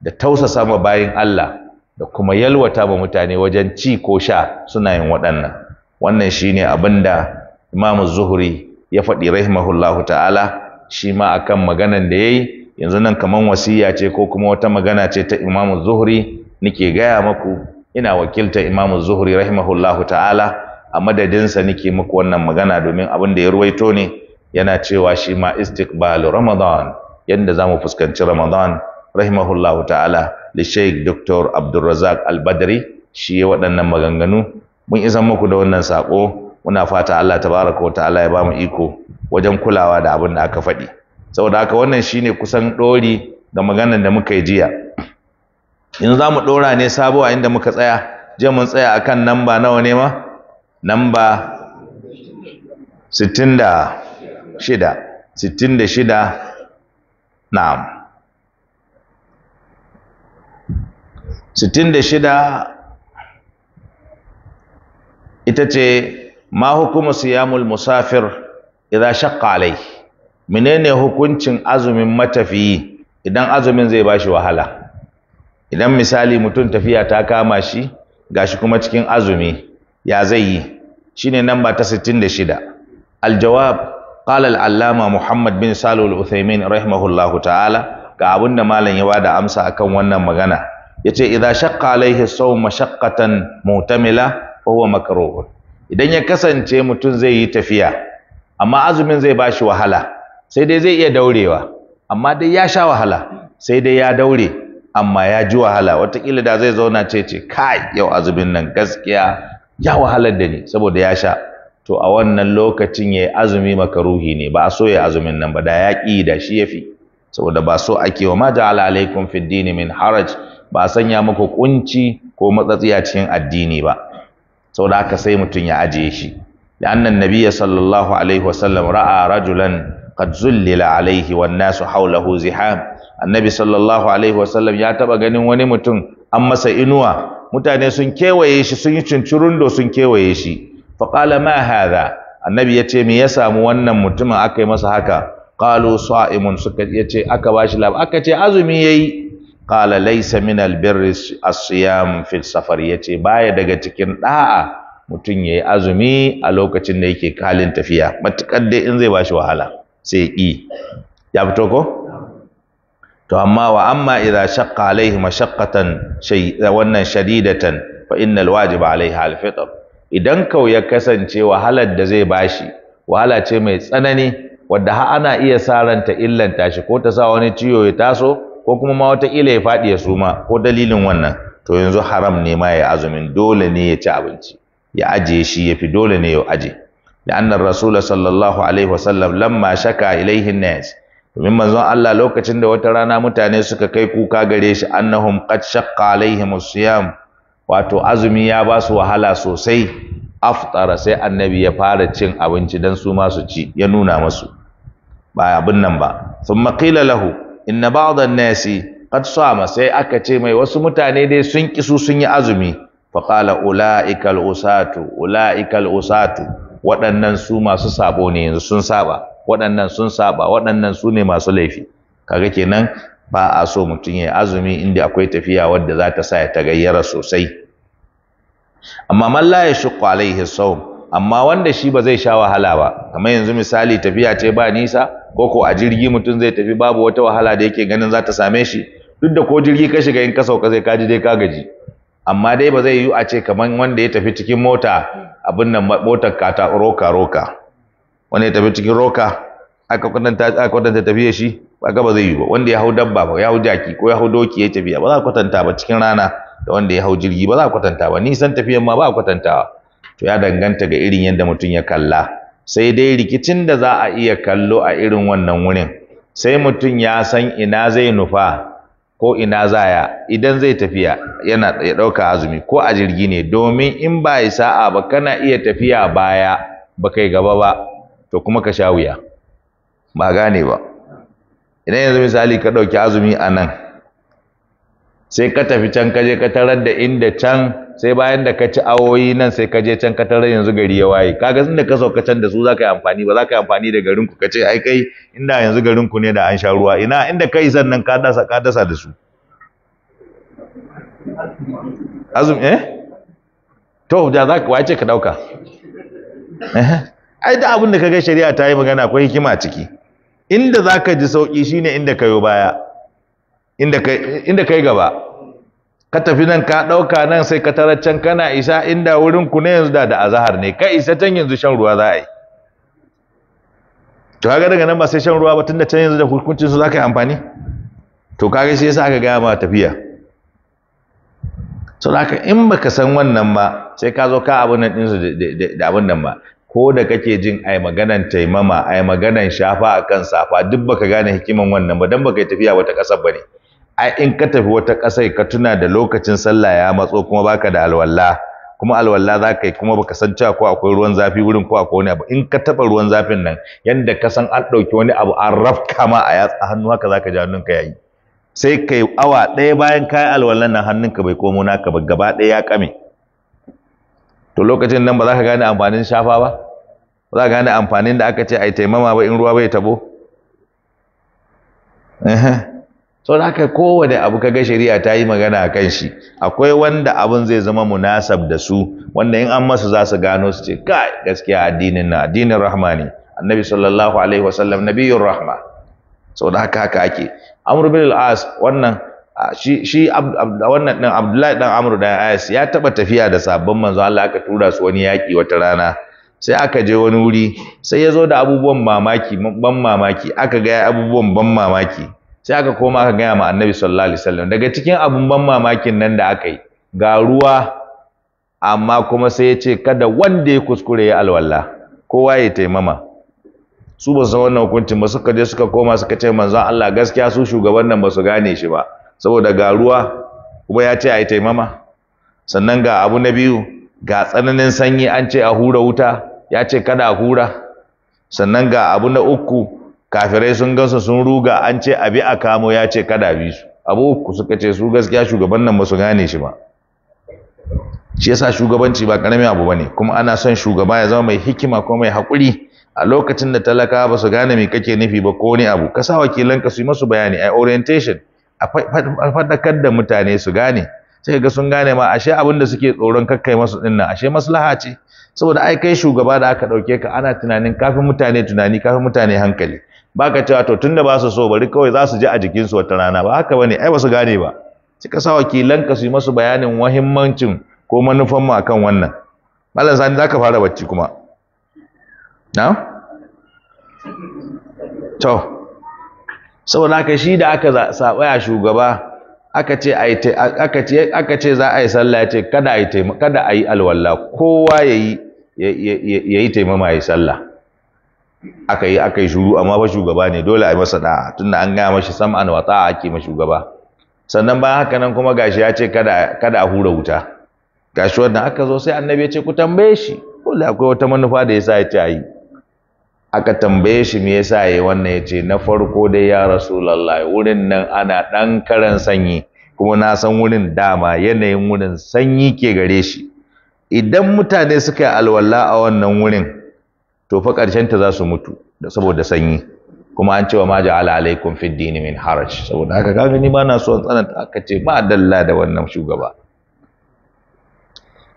da tausasa ma bayin Allah da kuma yalwata ma mutane wajen ci ko sha suna yin waɗannan wannan shine abin da Imam Zuhri ya faɗi rahimahullahu ta'ala shi ma akan maganan da yayi yanzu nan kaman wasiya ce ko kuma wata magana ce ta Imam Zuhri nake gaya maku ina wakilta imamu zuhri rahimahullahu ta'ala a madadinsa nike muku wannan magana domin abin da ya ruwaito ne yana cewa shi ma istikbalu ramadan yadda za mu fuskanci ramadan rahimahullahu ta'ala da sheikh dr abdulrazak albadri shi ya waɗannan maganganu mun isan muku da wannan saƙo muna fata allah tabaraka wa ta'ala ya bamu iko wajen kulawa da abin da aka faɗi saboda haka wannan shine kusan ɗori ga maganar da muka yi jiya yanzu za mu ɗora ne sabo a inda muka tsaya je mun tsaya a kan namba nawa ne ma namba sittin da shida sittin da shida na'am sittin da shida ita ce ma hukumu siyamul musafir idan shakka alai menene hukuncin azumin matafiyi idan azumin zai bashi wahala idan misali mutum tafiya ta kama shi gashi kuma cikin azumi ya zai yi shine namba ta sittin da shida. aljawab qala allama muhammad bin salul uthaimin rahimahullahu ta'ala ga da malam ya da amsa akan wannan magana yace idza shaqqa alaihi sawm mashaqqatan mutamila fa huwa makruh idan ya kasance mutum zai yi tafiya amma azumin zai bashi wahala sai dai zai iya daurewa amma dai ya sha wahala sai dai ya daure amma ya ji wahala watakila da zai zauna ce ce kai yau azumin nan gaskiya ya wahalar da ni saboda ya sha to a wannan lokacin ya yi azumi makaruhi ne ba a so ya azumin nan ba da ya ƙi da shi ya fi saboda ba so ake wa mata ala alaikum fi min haraj ba a sanya muku kunci ko matsatsi cikin addini ba saboda haka sai mutum ya ajiye shi لأن النبي sallallahu الله عليه ra'a rajulan رجلا قد alaihi عليه nasu حوله ziham annabi sallallahu alaihi wasallam ya taba ganin wani mutum an masa inuwa mutane sun kewaye shi sun yi cincirundo sun kewaye shi fa qala ma hadha annabi yace ce me ya samu wannan mutumin aka yi masa haka qalu sa'imun suka ya aka bashi lab aka ce azumi yayi qala laysa min albirri as-siyam fi safar ya baya daga cikin da'a mutum yayi azumi a lokacin da yake kalin tafiya matukar dai in zai bashi wahala sai ƙi. ya fito ko to amma wa amma idza shaqqa alaihi mashaqqatan shay wannan shadidatan fa innal wajiba alaiha alfitr idan kau ya kasance wahalar da zai bashi wahala ce mai tsanani wadda har ana iya saranta illan tashi, ko ta sa wani ciwo ya taso ko kuma ma wata ila ya faɗi ya suma ko dalilin wannan to yanzu haram ne ma ya azumin dole ne ya ci abinci ya aje shi ya fi dole ne ya aje da annar rasul sallallahu alaihi wasallam lamma shaka ilaihin nas domin manzon Allah lokacin da wata rana mutane suka kai kuka gare shi annahum qad shaqqa alaihim siyam wato azumi ya ba su wahala sosai aftara sai annabi ya fara cin abinci dan su ma su ci ya nuna masu. ba abin nan ba thumma qila lahu inna ba'd an-nasi qad sama sai aka ce mai wasu mutane dai sun ƙisu sun yi azumi fakala ulaika al-usatu ulaika al-usatu waɗannan su masu sabo ne yanzu sun saba waɗannan sun saba waɗannan su ne masu laifi kaga kenan ba a so mutum ya azumi inda akwai tafiya wadda za ta sa ya tagayyara sosai amma man la yashqu alaihi sawm amma wanda shi ba zai sha wahala ba kamar yanzu misali tafiya ce ba nisa ko ko a jirgi mutum zai tafi babu wata wahala da yake ganin za ta same shi duk da ko jirgi ka shiga in ka sauka zai kaji dai ka gaji amma dai ba zai yiwu a ce kamar wanda ya tafi cikin mota abin nan motar ta roka roka wani ya tafi cikin roka aka kwatanta aka kwatanta tafiya shi ba gaba zai yi ba wanda ya hau dabba ba ya hau jaki ko ya hau doki ya tafiya ba za a kwatanta ba cikin rana da wanda ya hau jirgi ba za a kwatanta ba nisan tafiyan ma ba a kwatantawa to ya danganta ga irin yadda mutum ya kalla sai dai rikicin da za a iya kallo a irin wannan wurin sai mutum ya san ina zai nufa ko ina zaya idan zai tafiya yana ya ɗauka azumi ko a jirgi ne domin in ba sa'a ba kana iya tafiya baya ba kai gaba ba to kuma ka sha wuya ba gane ba idan yanzu misali ka ɗauki azumi a nan sai ka tafi can ka je ka tarar da inda can sai bayan da ka ci awoyi nan sai ka je can ka tarar yanzu gari ya waye kaga inda ka sauka can da su za ka yi amfani ba za ka yi amfani da garinku ka ce ai kai inda yanzu garinku ne da an sha ruwa ina inda kai sannan ka dasa ka dasa da su azumi eh to da za ka wace ka ɗauka eh? ai da abin da kaga shari'a ta yi magana akwai hikima ciki inda za ka ji shi shine inda yi baya inda ka yi gaba ka tafi nan ka ɗauka nan sai ka tarar can kana isa inda wurin ku ne yanzu da da azahar ne Ka isa can yanzu shan ruwa za a yi to kaga daga nan ba sai shan ruwa ba tunda can yanzu da hukuncin su za ka yi amfani to kaga sai yasa aka gaya ma tafiya Sau da in baka san wannan ba sai ka zo ka abin nan ɗinsu da abin nan ba ko da kake jin ai maganan taimama ai maganan shafa akan safa duk baka gane hikiman wannan ba dan baka tafiya wata ƙasar bane ai in ka tafi wata ƙasar ka tuna da lokacin sallah ya matso kuma baka da alwala kuma alwala za ka yi kuma baka san cewa ko akwai ruwan zafi wurin ko akwai wani abu in ka taɓa ruwan zafin nan yanda ka san an ɗauki wani abu an rafka ma a yatsa hannu haka za ka ji hannunka yayi sai ka yi awa ɗaya bayan ka yi alwalan nan hannunka bai komo naka ba gaba ɗaya ya kame to lokacin nan ba za ka gane amfanin shafa ba za ka gane amfanin da aka ce ai taimama ba in ruwa bai tabo so da haka kowane abu kaga shari'a ta yi magana a kan shi akwai wanda abun zai zama munasab da su wanda in an masu za su gano su ce kai gaskiya addinin na addinin rahma ne annabi sallallahu alaihi wasallam nabiyyur rahma so da haka haka ake amr bin al-as wannan shi shi wannan dan abdullahi dan amr dan as ya taba tafiya da sabon manzo Allah aka tura su wani yaki wata rana sai aka je wani wuri sai ya zo da abubuwan mamaki ban mamaki aka gaya abubuwan ban mamaki sai aka koma aka gaya ma annabi sallallahu alaihi wasallam daga cikin abun ban mamakin nan da aka yi ga ruwa amma kuma sai ya ce kada wanda ya kuskure ya alwala kowa ya taimama su ba san wannan hukuncin ba suka je suka koma suka ce manzon Allah gaskiya su shugaban nan ba su gane shi ba saboda ga ruwa kuma ya ce a yi taimama sannan ga abu na biyu ga tsananin sanyi an ce a hura wuta ya ce kada hura sannan ga abu na uku kafirai sun gansu sun ruga an ce abi a kamo ya ce kada bi su abu uku suka ce su gaskiya shugaban nan ba gane shi ba shi yasa shugabanci ba karamin abu bane kuma ana son shugaba ya zama mai hikima kuma mai haƙuri a lokacin da talakawa ba su gane me kake nufi ba ko wani abu ka sa wakilanka su yi masu bayani ai orientation a faɗakar da mutane su gane sai ga sun gane ma ashe abin da suke tsoron kakkai masu din nan ashe maslaha ce saboda ai kai shugaba da aka dauke ka ana tunanin kafin mutane tunani kafin mutane hankali baka cewa to tunda ba su so bari kawai za su ji a jikin su wata rana ba haka bane ai ba su gane ba suka sa wakilan ka su yi masu bayanin muhimmancin ko manufan mu akan wannan mallan sani zaka fara bacci kuma na to saboda haka shi da aka ya shugaba aka ce za a yi sallah ya ce kada ai kada ai alwala kowa yayi yayi taimama yi sallah aka yi aka yi shuru amma ba shugaba ne dole a yi masa tunda an gaya mashi sam'an wa ta'a ake ma shugaba sannan bayan haka nan kuma gashi ya ce kada a hura wuta gashi wannan aka zo sai annabi ya ce ku tambaye shi dole akwai wata manufa da yasa ya ce ayi aka tambaye shi me yasa yayi wannan yace na farko dai ya rasulullahi wurin nan ana dan karan sanyi kuma na san wurin dama yanayin wurin sanyi ke gare shi idan mutane suka yi alwala a wannan wurin to fa karshen ta za su mutu saboda sanyi kuma an cewa ma ja'ala alaikum fid din min haraj saboda haka kaga ni ba na so tsananta aka ce ba dalla da wannan shugaba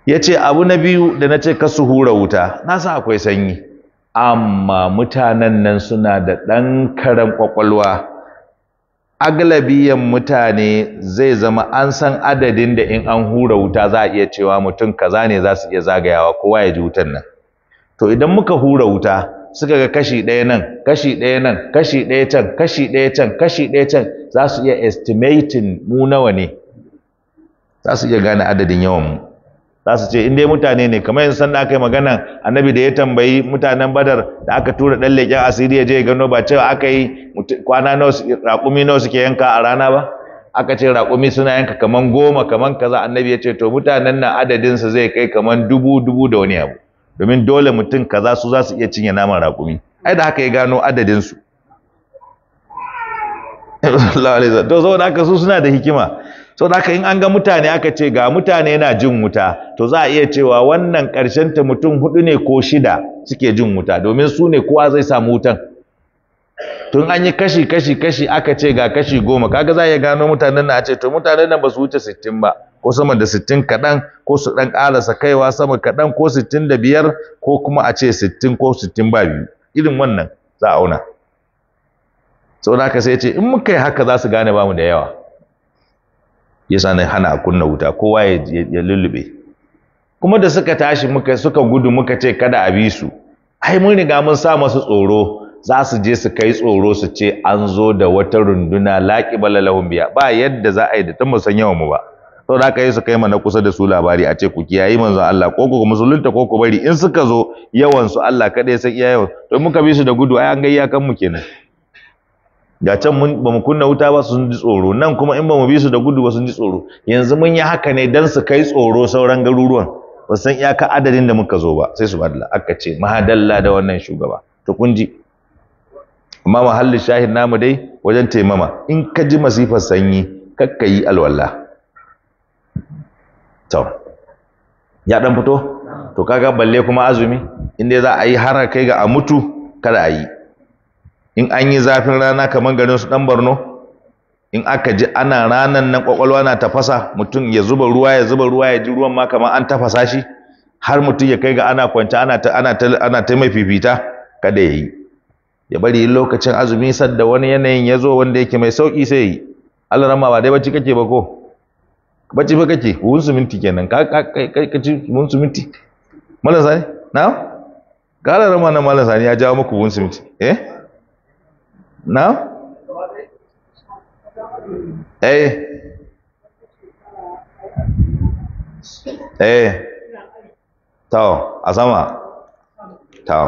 yace abu na biyu da nace ka su hura wuta na san akwai sanyi amma mutanen nan suna da ɗan karen ƙwaƙwalwa agalabiyan mutane zai zama an san adadin da in an hura wuta za a iya cewa mutum kaza ne za su iya zagayawa kowa ya ji wutan nan to idan muka hura wuta suka ga kashi ɗaya nan kashi ɗaya nan kashi ɗaya can kashi ɗaya can kashi ɗaya can za su iya estimating mu nawa ne za su iya gane adadin yawan mu za su ce in dai mutane ne kamar yanzu sanda aka yi magana annabi da ya tambayi mutanen badar da aka tura dan leƙen asiri ya je ya gano ba cewa aka yi kwana nawa raƙumi nawa suke yanka a rana ba aka ce raƙumi suna yanka kaman goma kaman kaza annabi ya ce to mutanen nan adadin su zai kai kaman dubu dubu da wani abu domin dole mutum kaza su za su iya cinye naman raƙumi ai da haka ya gano adadin su to saboda haka su suna da hikima so da haka in an ga mutane aka ce ga mutane yana jin wuta to za a iya cewa wannan ƙarshen ta mutum hudu ne ko shida suke jin wuta domin su ne kowa zai samu wutan tun an yi kashi kashi kashi aka ce ga kashi goma kaga za a iya gano mutanen nan a ce to mutanen nan ba su wuce sittin ba ko sama da sittin kaɗan ko su ɗan ƙarasa kaiwa sama kaɗan ko sittin da biyar ko kuma a ce sittin ko sittin ba biyu irin wannan za a auna da haka sai ce in muka yi haka za su gane bamu da yawa yasa na hana a kunna wuta kowa ya lullube kuma da suka tashi muka suka gudu muka ce kada a bi su ai mun riga mun sa masu tsoro za su je su kai tsoro su ce an zo da wata runduna laki balalahun biya ba yadda za a yi da ta san yawa mu ba sau da aka yi su kai mana kusa da su labari a ce ku kiyayi manzon Allah ko ku musulunta ko ku bari in suka zo yawan su Allah ya san iya to muka bi su da gudu ai an ga iyakan mu kenan ga can ba mu kunna wuta ba sun ji tsoro nan kuma in ba mu bi su da gudu ba sun ji tsoro yanzu mun yi haka ne dan su kai tsoro sauran garuruwan ba san iyaka adadin da muka zo ba sai su badala aka ce mahadalla da wannan shugaba to kun ji amma mahalli shahid namu dai wajen taimama in ka ji masifar sanyi kakka yi alwala to ya dan fito to kaga balle kuma azumi inda za a yi har kai ga a mutu kada a yi in an yi zafin rana kamar garin su dan Borno in aka ji ana ranan nan kwakwalwa na tafasa mutum ya zuba ruwa ya zuba ruwa ya ji ruwan ma kamar an tafasa shi har mutum ya kai ga ana kwance ana ta ana ta ana ta mai fifita kada yayi ya bari lokacin azumi sadda wani yanayin ya zo wanda yake mai sauki sai yi Allah rama ba dai bacci kake ba ko bacci ba kake wun su minti kenan ka ka ci wun su minti mallan sani na? Ka Allah rama na mallan sani ya jawo muku wun su minti eh na? eh eh Tau, azama. Tau. Tau.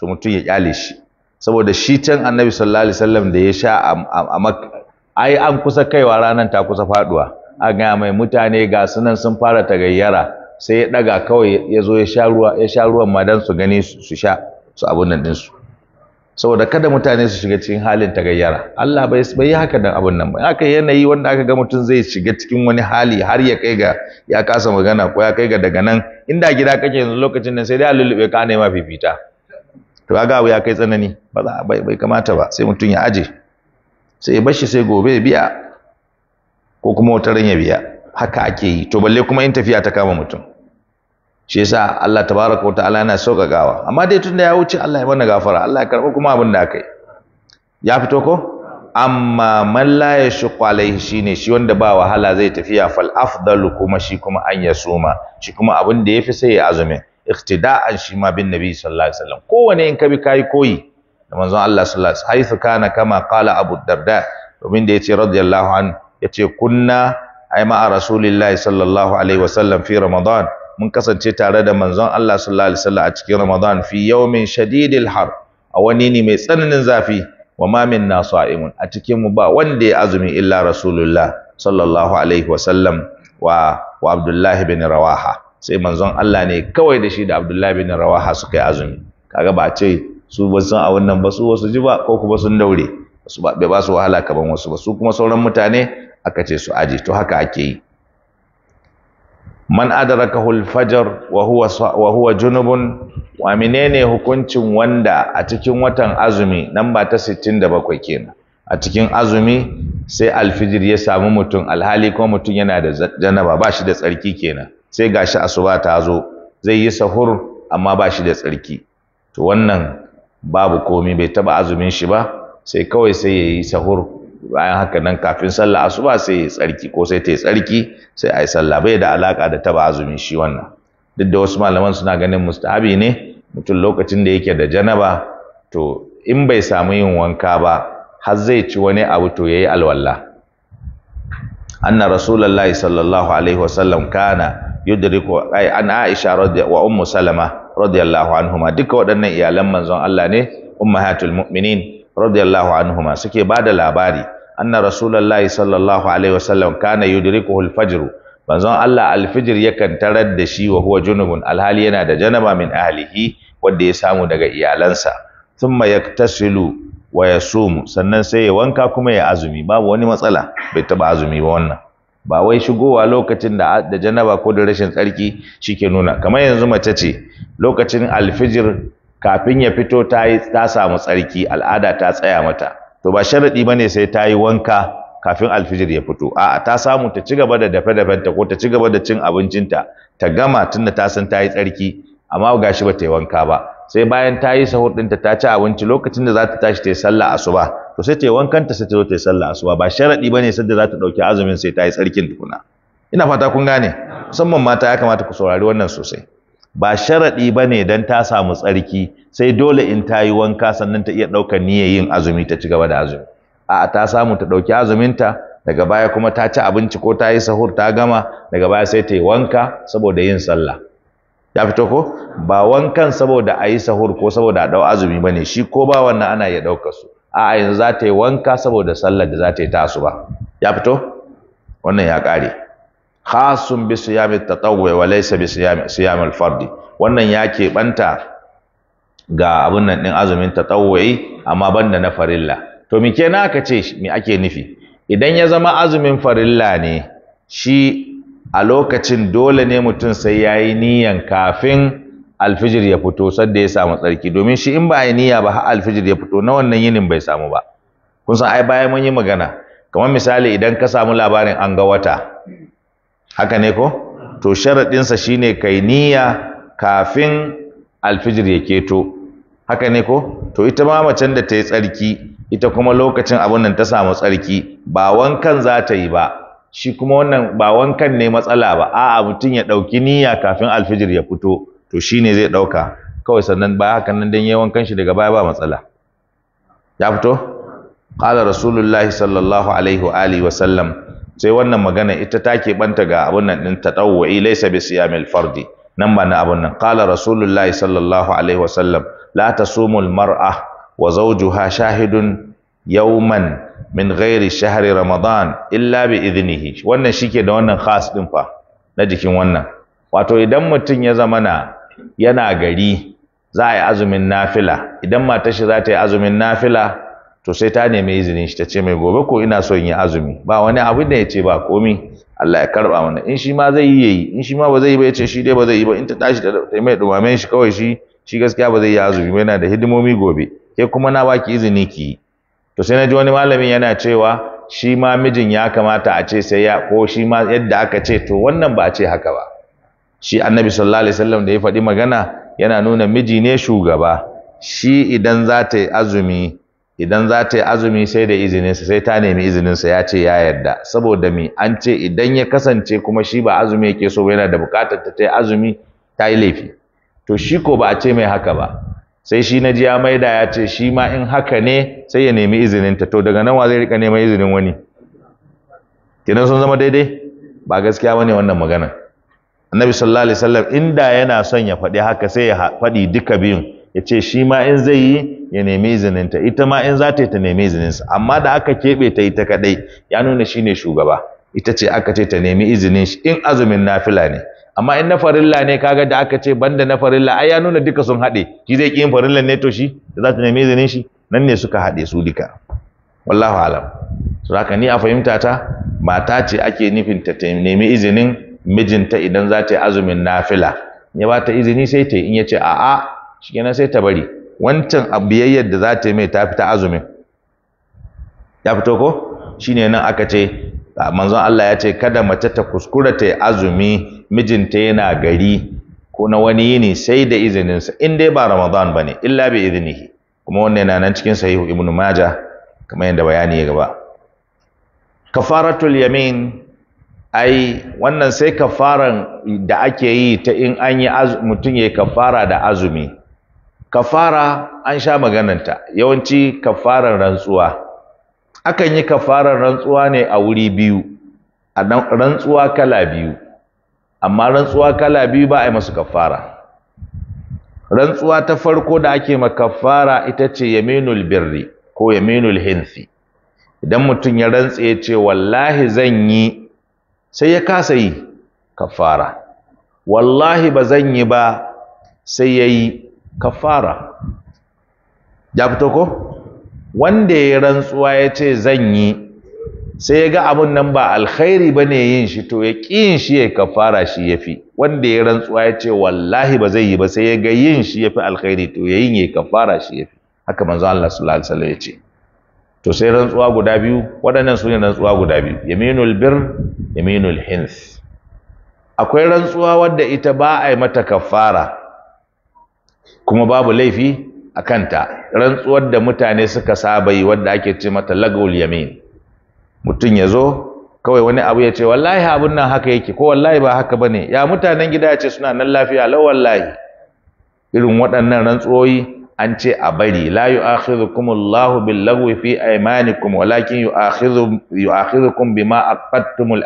to mutum ya kyale shi saboda shi can annabi sallallahu alaihi wasallam da ya sha a ai an kusa kaiwa ranar ta kusa faduwa a ga mai mutane ga sunan sun fara tagayyara sai ya daga kawai ya zo ya sha ruwa ya sha ruwan ma dan su gani su sha su abun nan dinsu saboda kada mutane su shiga cikin halin tagayyara Allah bai bai yi haka dan abun nan ba haka yanayi wanda aka ga mutum zai shiga cikin wani hali har ya kai ga ya kasa magana ko ya kai ga daga nan inda gida kake yanzu lokacin nan sai dai a lullube ka ne ma fifita to kaga abu ya kai tsanani ba za bai kamata ba sai mutum ya aje sai ya bashi sai gobe ya biya ko kuma wata ran ya biya haka ake yi to balle kuma in tafiya ta kama mutum shi yasa Allah tabaraka wataala yana sauƙaƙawa amma dai tunda ya wuce Allah ya mana gafara Allah ya karɓa kuma abin da aka yi ya fito ko amma man la yashqu alaihi shine shi wanda ba wahala zai tafiya fal afdalu kuma shi kuma an ya suma shi kuma abin da yafi sai ya azumin iktida'an shi ma bin nabi sallallahu alaihi wasallam kowane in ka bi kai koyi da manzon Allah sallallahu alaihi wasallam haythu kana kama qala Abu Darda domin da yace radiyallahu an yace kunna ai ma'a rasulillahi sallallahu alaihi wasallam fi ramadan mun kasance tare da manzon Allah sallallahu alaihi wasallam a cikin ramadan fi yawmin shadidil har a wani ne mai tsananin zafi wa ma minna sa'imun a cikin mu ba wanda ya azumi illa rasulullah sallallahu alaihi wasallam wa wa Abdullahi bin Rawaha sai manzon Allah ne kawai da shi da Abdullahi bin Rawaha suka yi azumi kaga ba a ce su ba san a wannan ba su wasu ji ba ko kuma sun daure su ba bai ba su wahala kaman wasu ba su kuma sauran mutane aka ce su aje to haka ake yi man adrakahu al-fajr wa huwa wa huwa junubun wa menene hukuncin wanda a cikin watan azumi nan ba ta 67 kenan a cikin azumi sai alfijir ya samu mutum alhali kuma mutum yana da janaba ba shi da tsarki kenan sai gashi asuba ta zo zai yi sahur amma ba shi da tsarki to wannan babu komi bai taba azumin shi ba sai kawai sai ya yi sahur bayan haka nan kafin sallah asuba sai ya tsarki ko sai ta yi tsarki sai a yi sallah bai da alaka da taba azumin shi wannan duk da wasu malaman suna ganin mustahabi ne mutum lokacin da yake da janaba to in bai samu yin wanka ba har zai ci wani abu to yayi alwala anna rasulullahi sallallahu alaihi wasallam kana yudriku ai an Aisha wa ummu Salama radiyallahu anhuma duka waɗannan iyalan manzon Allah ne ummahatul mu'minin radiyallahu anhuma suke bada labari anna rasulullahi sallallahu alaihi wasallam kana yudrikuhu al-fajr manzon Allah al-fajr yakan tarar da shi wa huwa junubun alhali yana da janaba min ahlihi wanda ya samu daga iyalansa thumma yaktasilu wa yasumu sannan sai ya wanka kuma ya azumi babu wani matsala bai taba azumi ba wannan ba wai shigowa lokacin da da janaba ko da rashin tsarki shike nuna kamar yanzu mace ce lokacin alfijir kafin ya fito ta yi ta samu tsarki al'ada ta tsaya mata to ba sharadi bane sai ta yi wanka kafin alfijir ya fito a'a ta samu ta ci gaba da dafe dafenta ko ta ci gaba da cin abincinta ta gama tunda ta san ta yi tsarki amma gashi ba ta yi wanka ba sai bayan ta yi sahur ɗinta ta ci abinci lokacin da za ta tashi ta yi sallah asuba to sai ta yi wankanta sai ta zo ta yi sallah asuba ba sharadi bane sai da za ta dauki azumin sai ta yi tsarkin tukuna ina fata kun gane musamman mata ya kamata ku saurari wannan sosai ba sharadi bane dan ta samu tsarki sai dole in ta yi wanka sannan ta iya daukar niyyar yin azumi ta ci gaba da azumi a'a ta samu ta dauki ta daga baya kuma ta ci abinci ko ta yi sahur ta gama daga baya sai ta yi wanka saboda yin sallah ya fito ko ba wankan saboda a yi sahur ko saboda a dau azumi bane shi ko ba wannan ana iya daukar su a yanzu za ta yi wanka saboda sallar da za ta yi ta ba. ya fito wannan ya kare khasun bi siyami tatawwu wa laysa bi siyami yamin al wannan ya ke banta ga abun nan din azumin tatawwu'i amma banda na farilla to me kenan aka ce me ake nufi idan ya zama azumin farilla ne shi a lokacin dole ne mutum sai yayi niyan kafin alfijir ya fito sadda ya samu tsarki domin shi in ba ai niyya ba har alfijir ya fito na wannan yinin bai samu ba kun san ai bayan mun yi magana kamar misali idan ka samu labarin an ga wata haka ne ko to sharaɗinsa shine kai niyya kafin alfijir ya keto haka ne ko to ita ma macen da ta yi tsarki ita kuma lokacin abin nan ta samu tsarki ba wankan za ta yi ba shi kuma wannan ba wankan ne matsala ba a'a mutum ya ɗauki niyya kafin alfijir ya fito to shine zai ɗauka kawai sannan ba haka nan dan yawan kanshi daga baya ba matsala ya fito qala rasulullahi sallallahu alaihi wa alihi wa sallam sai wannan magana ita take banta ga abun nan din tatawwu'i laysa bi siyamil fardi nan ba na abun nan qala rasulullahi sallallahu alaihi wa sallam la tasumul mar'a wa zawjuha shahidun yawman min ghairi shahri ramadan illa bi idnihi wannan shike da wannan khas din fa na jikin wannan wato idan mutun ya zamana yana gari za a yi azumin nafila idan matar shi za ta yi azumin nafila to sai ta nemi izinin shi ta ce mai gobe ko ina son yi azumi ba wani abu da ya ce ba komi Allah ya karba mana in shi ma zai yi yayi in shi ma ba zai yi ba ya ce shi dai ba zai yi ba in ta tashi ta mai dumamen shi kawai shi shi gaskiya ba zai yi azumi ba yana da hidimomi gobe ke kuma na baki izini ki yi to sai na ji wani malamin yana cewa shi ma mijin ya kamata a ce sai ya ko shi ma yadda aka ce to wannan ba a ce haka ba shi annabi sallallahu alaihi wasallam da ya faɗi magana yana nuna miji ne shugaba shi idan za ta yi azumi idan za ta yi azumi sai da izininsa sai ta nemi izininsa ya ce ya yarda saboda mi an ce idan ya kasance kuma shi ba azumi yake so yana da buƙatar ta yi azumi ta yi laifi to shi ko ba a ce mai haka ba sai shi na ji ya maida ya ce shi ma in haka ne sai ya nemi izininta to daga nan wa zai rika neman izinin wani kenan sun zama daidai ba gaskiya bane wannan magana annabi sallallahu alaihi wasallam inda yana son ya faɗi haka sai ya faɗi duka biyun yace ce shi ma in zai yi ya nemi izinin ta, ita ma in za ta yi ta nemi sa amma da aka keɓe ta ita kaɗai ya nuna shi ne shugaba ita ce aka ce ta nemi izinin shi in azumin nafila ne amma in na farilla ne kaga da aka ce banda na farilla ai ya nuna duka sun haɗe shi zai ƙi yin farilla ne to shi da za ta nemi izinin shi nan ne suka haɗe su duka wallahu alam saboda haka ni a fahimta ta mata ce ake nufin ta nemi izinin mijinta idan za ta yi azumin nafila ya ba ta izini sai ta yi in ya ce a'a kenan sai ta bari wancan biyayyar da za ta yi mai ta fita azumin ya fito ko shi ne nan aka ce manzon Allah ya ce kada mace ta kuskura ta yi azumi mijinta yana gari ko na wani yini sai da izininsa in dai ba Ramadan ba ne illa bi izini kuma wannan yana nan cikin sahihu ibnu Majah kamar yadda bayani ya gaba kafaratul yamin ai wannan sai kafaran da ake yi ta in an yi mutum ya kafara da azumi kafara an sha magananta yawanci kafaran rantsuwa akan yi kafaran rantsuwa ne a wuri biyu a rantsuwa kala biyu amma rantsuwa kala biyu ba a yi masu kafara rantsuwa ta farko da ake ma kafara ita ce yaminul birri ko yaminul hinsi idan mutum ya rantse ya ce wallahi zan yi sai ya kasa yi kafara wallahi ba zan yi ba sai ya yi kafara ya fito ko wanda ya rantsuwa ya ce zan yi sai ya ga abin nan ba alkhairi ba ne yin shi to ya yin shi ya kafara shi ya fi wanda ya rantsuwa ya ce wallahi ba zai yi ba sai ya ga yin shi ya fi alkhairi to ya yin ya kafara shi ya fi haka manzo Allah sallallahu alaihi wasallam ya ce to sai rantsuwa guda biyu waɗannan su ne rantsuwa guda biyu yaminul bir yaminul hins akwai rantsuwa wadda ita ba a yi mata kafara kuma babu laifi a kanta rantsuwar da mutane suka saba yi wadda ake ce mata lagul yamin mutum ya zo kawai wani abu ya ce wallahi abun nan haka yake ko wallahi ba haka ba ne? ya mutanen gida ya ce suna nan lafiya lau irin waɗannan rantsuwoyi an ce a bari la yu'akhidhukum Allahu bin lagwi fi aymanikum walakin yu'akhidhukum bima aqadtumul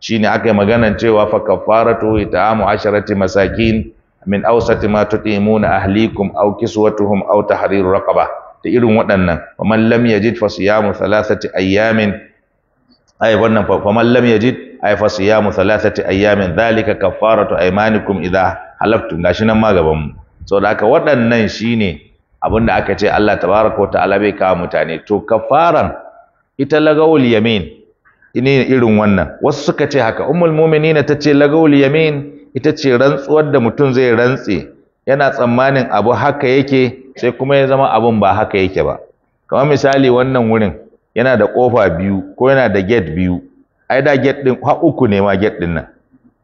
Shi shine aka yi maganan cewa fa kafaratu it'amu asharati masakin min ausati ma tutimuna ahlikum aw kiswatuhum aw Hariru, raqaba da irin waɗannan faman lam jid fa siyamu thalathati ayyamin ay wannan faman lam jid ai fa siyamu thalathati ayyamin dhalika kafaratu aymanikum idha halaftum gashi nan ma gaban mu da haka waɗannan shine abin da aka ce Allah wata ta'ala bai kawo mutane to kafaran ita lagawul yamin ne irin wannan wasu suka ce haka ummul na ta ce lagawul yamin ita ce rantsuwar da mutum zai rantse yana tsammanin abu haka yake sai kuma ya zama abun ba haka yake ba kamar misali wannan wurin yana da kofa biyu ko yana da gate biyu ai da gate din ha uku ne ma gate din nan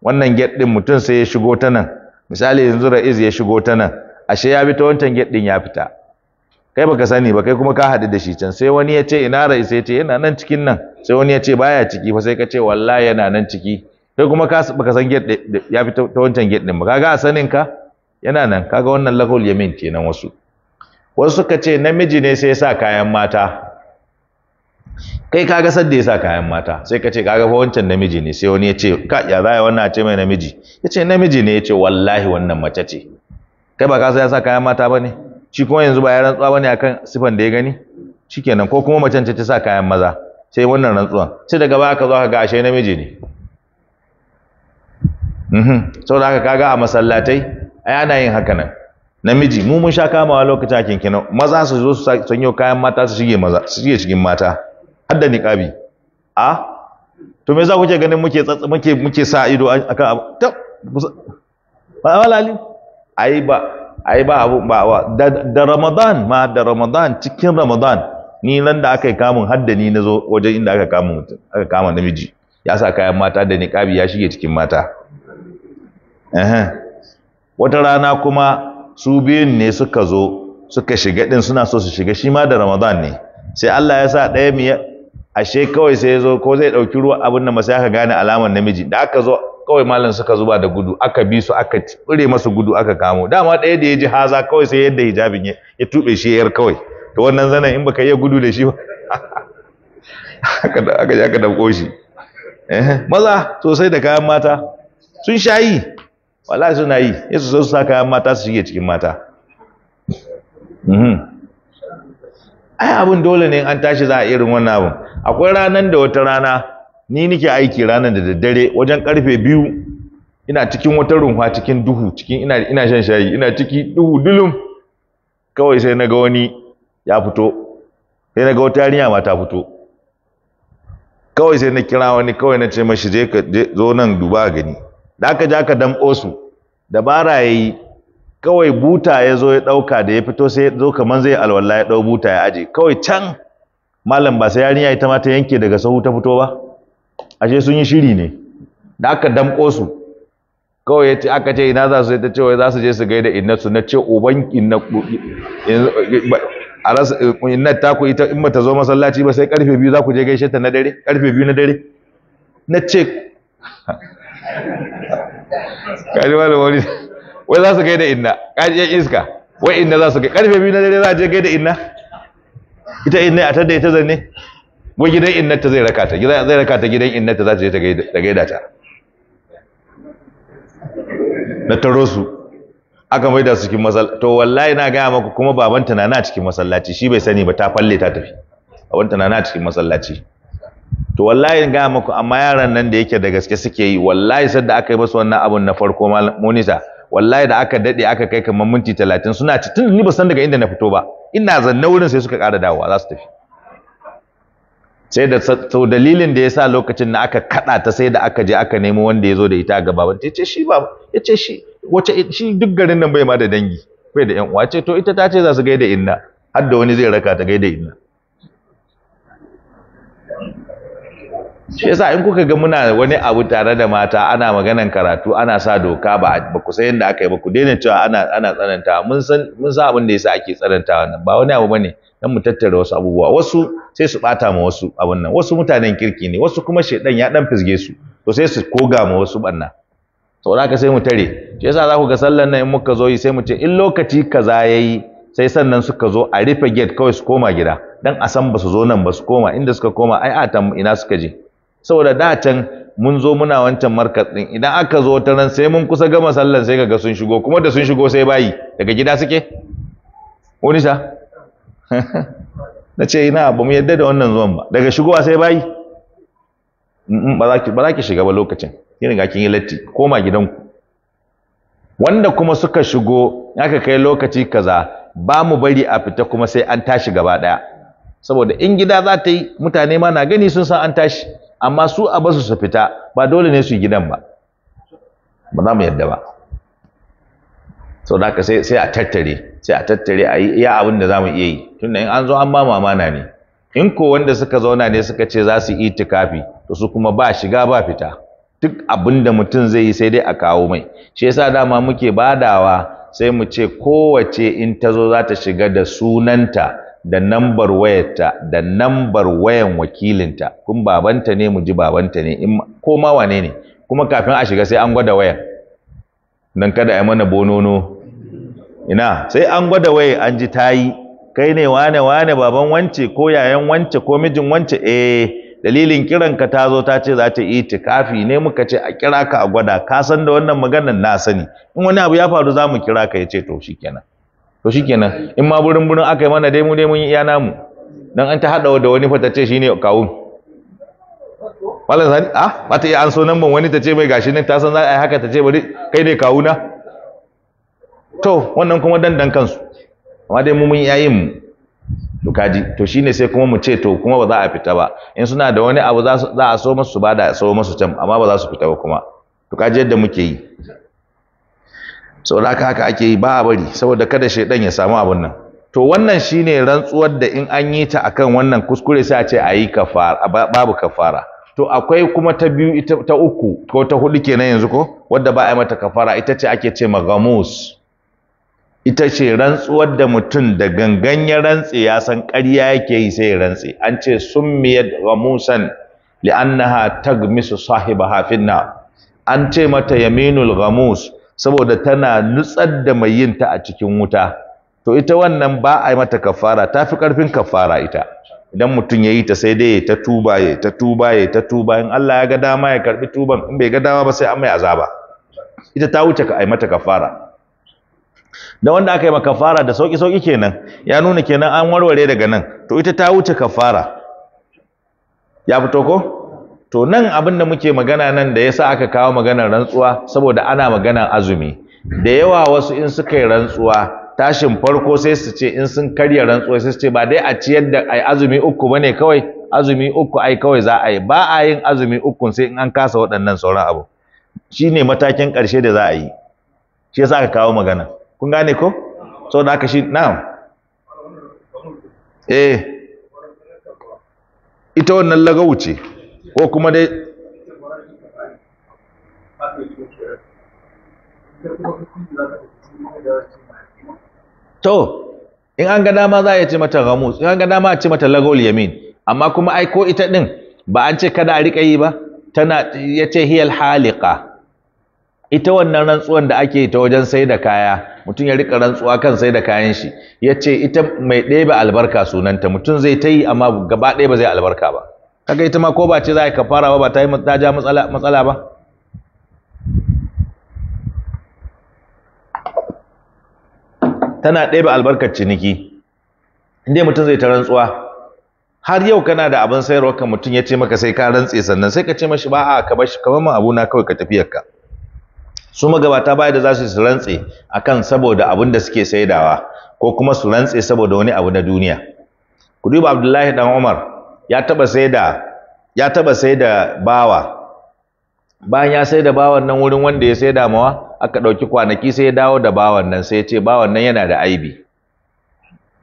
wannan gate din mutum sai ya shigo ta nan misali yanzu ra'iz ya shigo ta nan ashe ya bi ta wancan gate din ya fita kai baka sani ba kai kuma ka hadu da shi can sai wani ya ce ina ra'iz ya ce yana nan cikin nan sai wani ya ce baya ciki fa sai ka ce wallahi yana nan ciki kai kuma ka baka san gate ya fita ta wancan gate din ba kaga a sanin ka yana nan kaga wannan lakul yamin kenan wasu wasu suka ce namiji ne sai ya sa kayan mata kai ka ga sadda sa kayan mata sai ka ce ka ga wancan namiji ne sai wani ya ce ka ya zai wannan a ce mai namiji ya ce namiji ne ya ce wallahi wannan mace ce kai ba ka san ya sa kayan mata ba ne shi kuma yanzu ba ya rantsuwa ba ne akan sifan da ya gani shikenan ko kuma macen ce ta sa kayan maza sai wannan rantsuwan sai daga baya ka zo ka ga ashe namiji ne mhm da haka ga a masallatai ai ana yin haka nan namiji mu mun sha kamawa lokacin kinkinan maza su zo su sanyo kayan mata su shige maza su shige cikin mata hadda niqabi a to me za ku ce ganin muke muke muke sa ido akan abu ta ai ba ai ba abu ba da Ramadan ma da Ramadan cikin Ramadan ni nan da aka yi kamun hadda ni nazo wajen inda aka kama mutum aka kama namiji ya sa kayan mata da niqabi ya shige cikin mata eh wata rana kuma su biyun ne suka zo suka shiga din suna so su shiga shi ma da Ramadan ne sai Allah ya sa ɗaya ashe kawai sai ya zo ko zai ɗauki ruwa abin da masu aka gane alamar namiji da aka zo kawai malam suka zuba da gudu aka bi su aka tsire masu gudu aka kamo dama ɗaya da ya ji haza kawai sai yadda hijabin ya ya tube shi yar kawai to wannan zanen in baka yi gudu da shi ba aka aka aka dauko shi eh maza sosai da kayan mata sun shayi wallahi suna yi yesu sai su sa kayan mata su shige cikin mata mhm ai abun dole ne an tashi za a irin wannan abun akwai ranan da wata rana ni nike aiki ranan da daddare wajen karfe biyu ina cikin wata runwa cikin duhu cikin ina ina shan shayi ina ciki duhu dulum kawai sai naga wani ya fito sai naga wata yarinya ma ta fito kawai sai na kira wani kawai na ce mashi je ka zo nan duba gani da aka ja ka damƙo su dabara yayi kawai buta ya zo ya ɗauka da ya fito sai ya zo kaman zai alwala ya ɗau buta ya aje kawai can malam ba sai yarinya ita ma ta yanke daga sahu ta fito ba ashe sun yi shiri ne da aka damƙo su kawai yace aka ce ina za su ta ce wai za su je su gaida inna su na ce uban inna a rasa inna ta ku ita in bata zo masallaci ba sai karfe biyu za ku je gaishe ta na dare karfe biyu na dare na ce kaji wani wani wai za su gaida inna kaji je iska wai inna za su gaida karfe biyu na dare za a je gaida inna ita inna a tada ita zanne wai gidan innata zai raka ta zai raka ta gidan innata za ta je ta gaida ta na taro su aka maida su cikin masallaci to wallahi na gaya maku kuma babanta na na cikin masallaci shi bai sani ba ta falle ta tafi babanta na na cikin masallaci to wallahi gaya maku amma yaran nan da yake da gaske suke yi wallahi sadda aka yi musu wannan abun na farko monitor, wallahi da aka dade aka kai kamar minti 30 suna ci tun ni ba san daga inda na fito ba ina zanne wurin sai suka ƙara dawowa za su tafi sai da sau dalilin da ya sa lokacin da aka kaɗa ta sai da aka je aka nemo wanda ya zo da ita a gaba ya ce shi ba ya ce shi wace shi duk garin nan bai ma da dangi bai da yan uwa ce to ita ta ce za su gaida inna har da wani zai raka ta gaida inna shi yasa in kuka ga muna wani abu tare da mata ana maganan karatu ana sa doka ba ba ku san yadda aka yi ba ku daina cewa ana ana tsananta mun san mun san abin da yasa ake tsananta wannan ba wani abu bane dan mu tattara wasu abubuwa wasu sai su bata ma wasu abun nan wasu mutanen kirki ne wasu kuma shedan ya dan fisge su to sai su koga ma wasu banna saboda haka sai mu tare shi yasa za ku ga sallan nan in muka zo yi sai mu ce in lokaci kaza yayi sai sannan suka zo a rufe gate kawai su koma gida dan a san ba su zo nan ba su koma inda suka koma ai a ina suka je saboda da can mun zo muna wancan markas din idan aka zo ta ran sai mun kusa gama sallan sai kaga sun shigo kuma da sun shigo sai bayi daga gida suke unisa na ce ina ba mu yadda da wannan zuwan ba daga shigowa sai bayi ba za ki shiga ba lokacin kin ga kin yi latti koma gidanku wanda kuma suka shigo aka kai lokaci kaza ba mu bari a fita kuma sai an tashi gaba daya saboda in gida za ta yi mutane ma na gani sun san an tashi amma su a basu su fita ba dole ne su yi gidan ba ba za mu yadda ba sau da sai a tattare sai a tattare a yi iya abin da za mu iya yi tunda in an zo an ba mu amana ne in ko wanda suka zauna ne suka ce za su yi tikafi to su kuma ba shiga ba fita duk abin da mutum zai yi sai dai a kawo mai shi yasa dama muke badawa sai mu ce kowace in ta zo za ta shiga da sunanta da nambar wayarta da nambar wayan wakilinta kun babanta ne mu ji babanta ne ko ma wane ne kuma kafin a shiga sai an gwada wayan nan kada a yi mana bonono ina sai an gwada waya an ji tayi kai ne wane wane baban wance ko yayan wance ko mijin wance eh dalilin kiran ka ta zo ta ce za ta yi tikafi ne muka ce a kira ka a gwada ka san da wannan maganar na sani in wani abu ya faru za mu kira ka ya ce to shikenan to shikenan in ma burin burin aka yi mana dai mu ne mun yi iya namu dan an ta hada da wani shi shine kawun malam sani ah mata iya an so nan ban wani ce mai gashi nan ta san za a yi haka ce bari kai ne kawuna to wannan kuma dandan kansu amma dai mu mun yayin mu to kaji to shine sai kuma mu ce to kuma ba za a fita ba in suna da wani abu za a so musu su bada so musu can amma ba za su fita ba kuma to kaji yadda muke yi saboda haka ake yi ba a bari saboda kada shaidan ya samu abin nan to wannan shine rantsuwar da in an yi ta akan wannan kuskure sai a ce a yi kafara babu kafara to akwai kuma ta biyu ita ta uku ko ta hudu kenan yanzu ko wadda ba a yi mata kafara ita ce ake ce magamus ita ce rantsuwar da mutum da gangan ya rantse ya san ƙarya yake yi sai ya rantse an ce summiyat gamusan li'annaha tagmisu sahibaha finna an ce mata yaminul gamus saboda tana nutsar da mai yin ta a cikin wuta to ita wannan ba a yi mata kafara ta fi ƙarfin kafara ita idan mutum ya yi ta sai dai ta tuba ya ta tuba ya ta tuba in Allah ya ga dama ya karbi tuban in bai ga dama ba sai an mai azaba ita ta wuce ka ai mata kafara da wanda aka yi maka kafara da sauki sauki kenan ya nuna kenan an warware daga nan to ita ta wuce kafara ya fito ko to nan abin da muke magana nan da yasa aka kawo maganar rantsuwa saboda ana maganar azumi da yawa wasu in suka yi rantsuwa tashin farko sai su ce in sun karya rantsuwa sai su ce ba dai a ciyar da ai azumi uku bane kawai azumi uku ai kawai za a yi ba a yin azumi uku sai in an kasa waɗannan sauran abu shine matakin ƙarshe da za a yi shi yasa aka kawo magana kun gane ko saboda haka shi na'am eh ita wannan lagawuce ce ko kuma dai to in an ga dama za a ce mata ramus in an ga dama a ce mata lagol yamin amma kuma ai ko ita din ba an ce kada a riƙa yi ba tana ya ce hiyal halika ita wannan rantsuwan da ake ta wajen sai da kaya mutum ya riƙa rantsuwa kan sai da kayan shi yace ita mai ba albarka sunanta mutum zai ta yi amma gaba ɗaya ba zai albarka ba kaga ita ma ko ba ce za a yi kafara ba ba ta yi ja matsala ba tana ɗebe albarkar ciniki inda mutum zai ta rantsuwa har yau kana da abin sayarwa kan mutum ya ce maka sai ka rantse sannan sai ka ce mashi ba a ka shi, kamar ma abuna kawai ka tafiyarka su magabata baya da za su su rantse kan saboda abin da suke saidawa ko kuma su rantse saboda wani abu na duniya ku duba Abdullahi dan Umar ya taba sai da ya taba sai da bawa bayan ya sai da bawan nan wurin wanda ya sai da mawa aka ɗauki kwanaki sai ya dawo da bawan nan sai ya ce bawan nan yana da aibi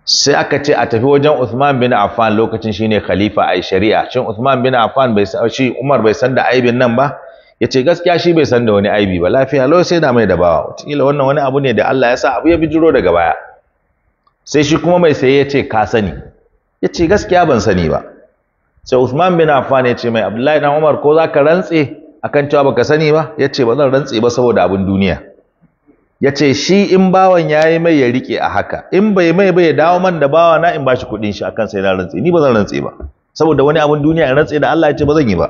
sai aka ce a tafi wajen Uthman bin Affan lokacin shine khalifa a shari'a shin Uthman bin Affan bai san shi Umar bai san da aibin nan ba yace gaskiya shi bai san da wani aibi ba lafiya lau sai da mai da bawa kila wannan wani abu ne da Allah ya sa abu ya bijiro daga baya sai shi kuma mai saye yace ka sani yace gaskiya ban sani ba sai Uthman bin Affan ya ce mai Abdullahi dan Umar ko zaka rantse akan cewa baka sani ba yace ba zan rantse ba saboda abin duniya yace shi in bawan yayi mai ya rike a haka in bai mai bai dawo man da bawa na in bashi kudin shi akan sai na rantse ni ba zan rantse ba saboda wani abin duniya in rantse da Allah yace ba zan yi ba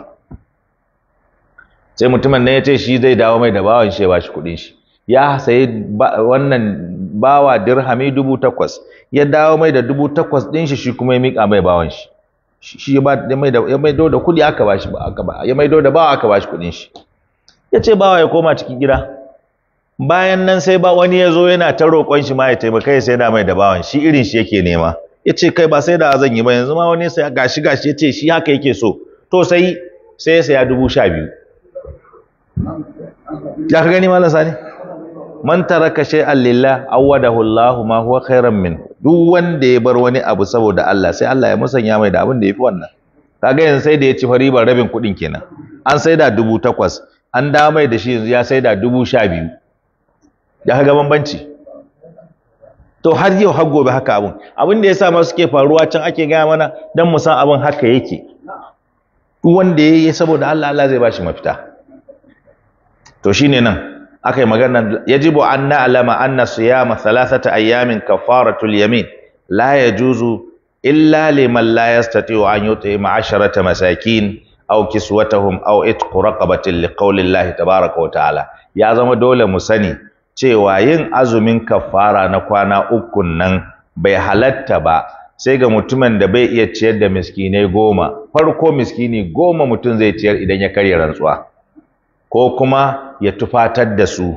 sai mutumin nan yace shi zai dawo mai da bawan shi ya bashi kudin shi ya sayi wannan bawa dirhami dubu takwas ya dawo mai da dubu takwas ɗin shi shi kuma ya miƙa mai bawan shi shi ya maido da kudi aka bashi aka ba ya mai da bawa aka bashi kuɗin shi ya ce bawa ya koma cikin gida bayan nan sai ba wani ya zo yana ta roƙon shi ma ya taimaka ya sai da mai da bawan shi irin shi yake nema ya ce kai ba sai da zan yi ba yanzu ma wani sai gashi gashi ya ce shi haka yake so to sai sai ya saya dubu sha biyu ya ka gani malam sani man taraka shay'an lillah awadahu Allah ma huwa khairan min duk wanda ya bar wani abu saboda Allah sai Allah ya musanya mai da abin da yafi wannan kaga yanzu sai da ya ci fariba rabin kuɗin kenan an saida dubu takwas an da mai da shi yanzu ya saida dubu sha biyu ya kaga bambanci to har yau har gobe haka abun abin da yasa ma suke faruwa can ake gaya mana dan mu san abin haka yake duk wanda ya yi saboda Allah Allah zai ba shi mafita to shine nan akai magana yajibu an na'lama anna siyama thalathata ayyamin kafaratul yamin la yajuzu illa liman la yastati'u an yut'ima 'asharata masakin aw kiswatahum aw itqu raqabatin liqaulillahi tabaaraka wa ta'ala ya zama dole mu sani cewa yin azumin kafara na kwana ukun nan bai halatta ba sai ga mutumin da bai iya ciyar da miskinai goma farko miskini goma mutum zai ciyar idan ya karya rantsuwa ko kuma ya tufatar da su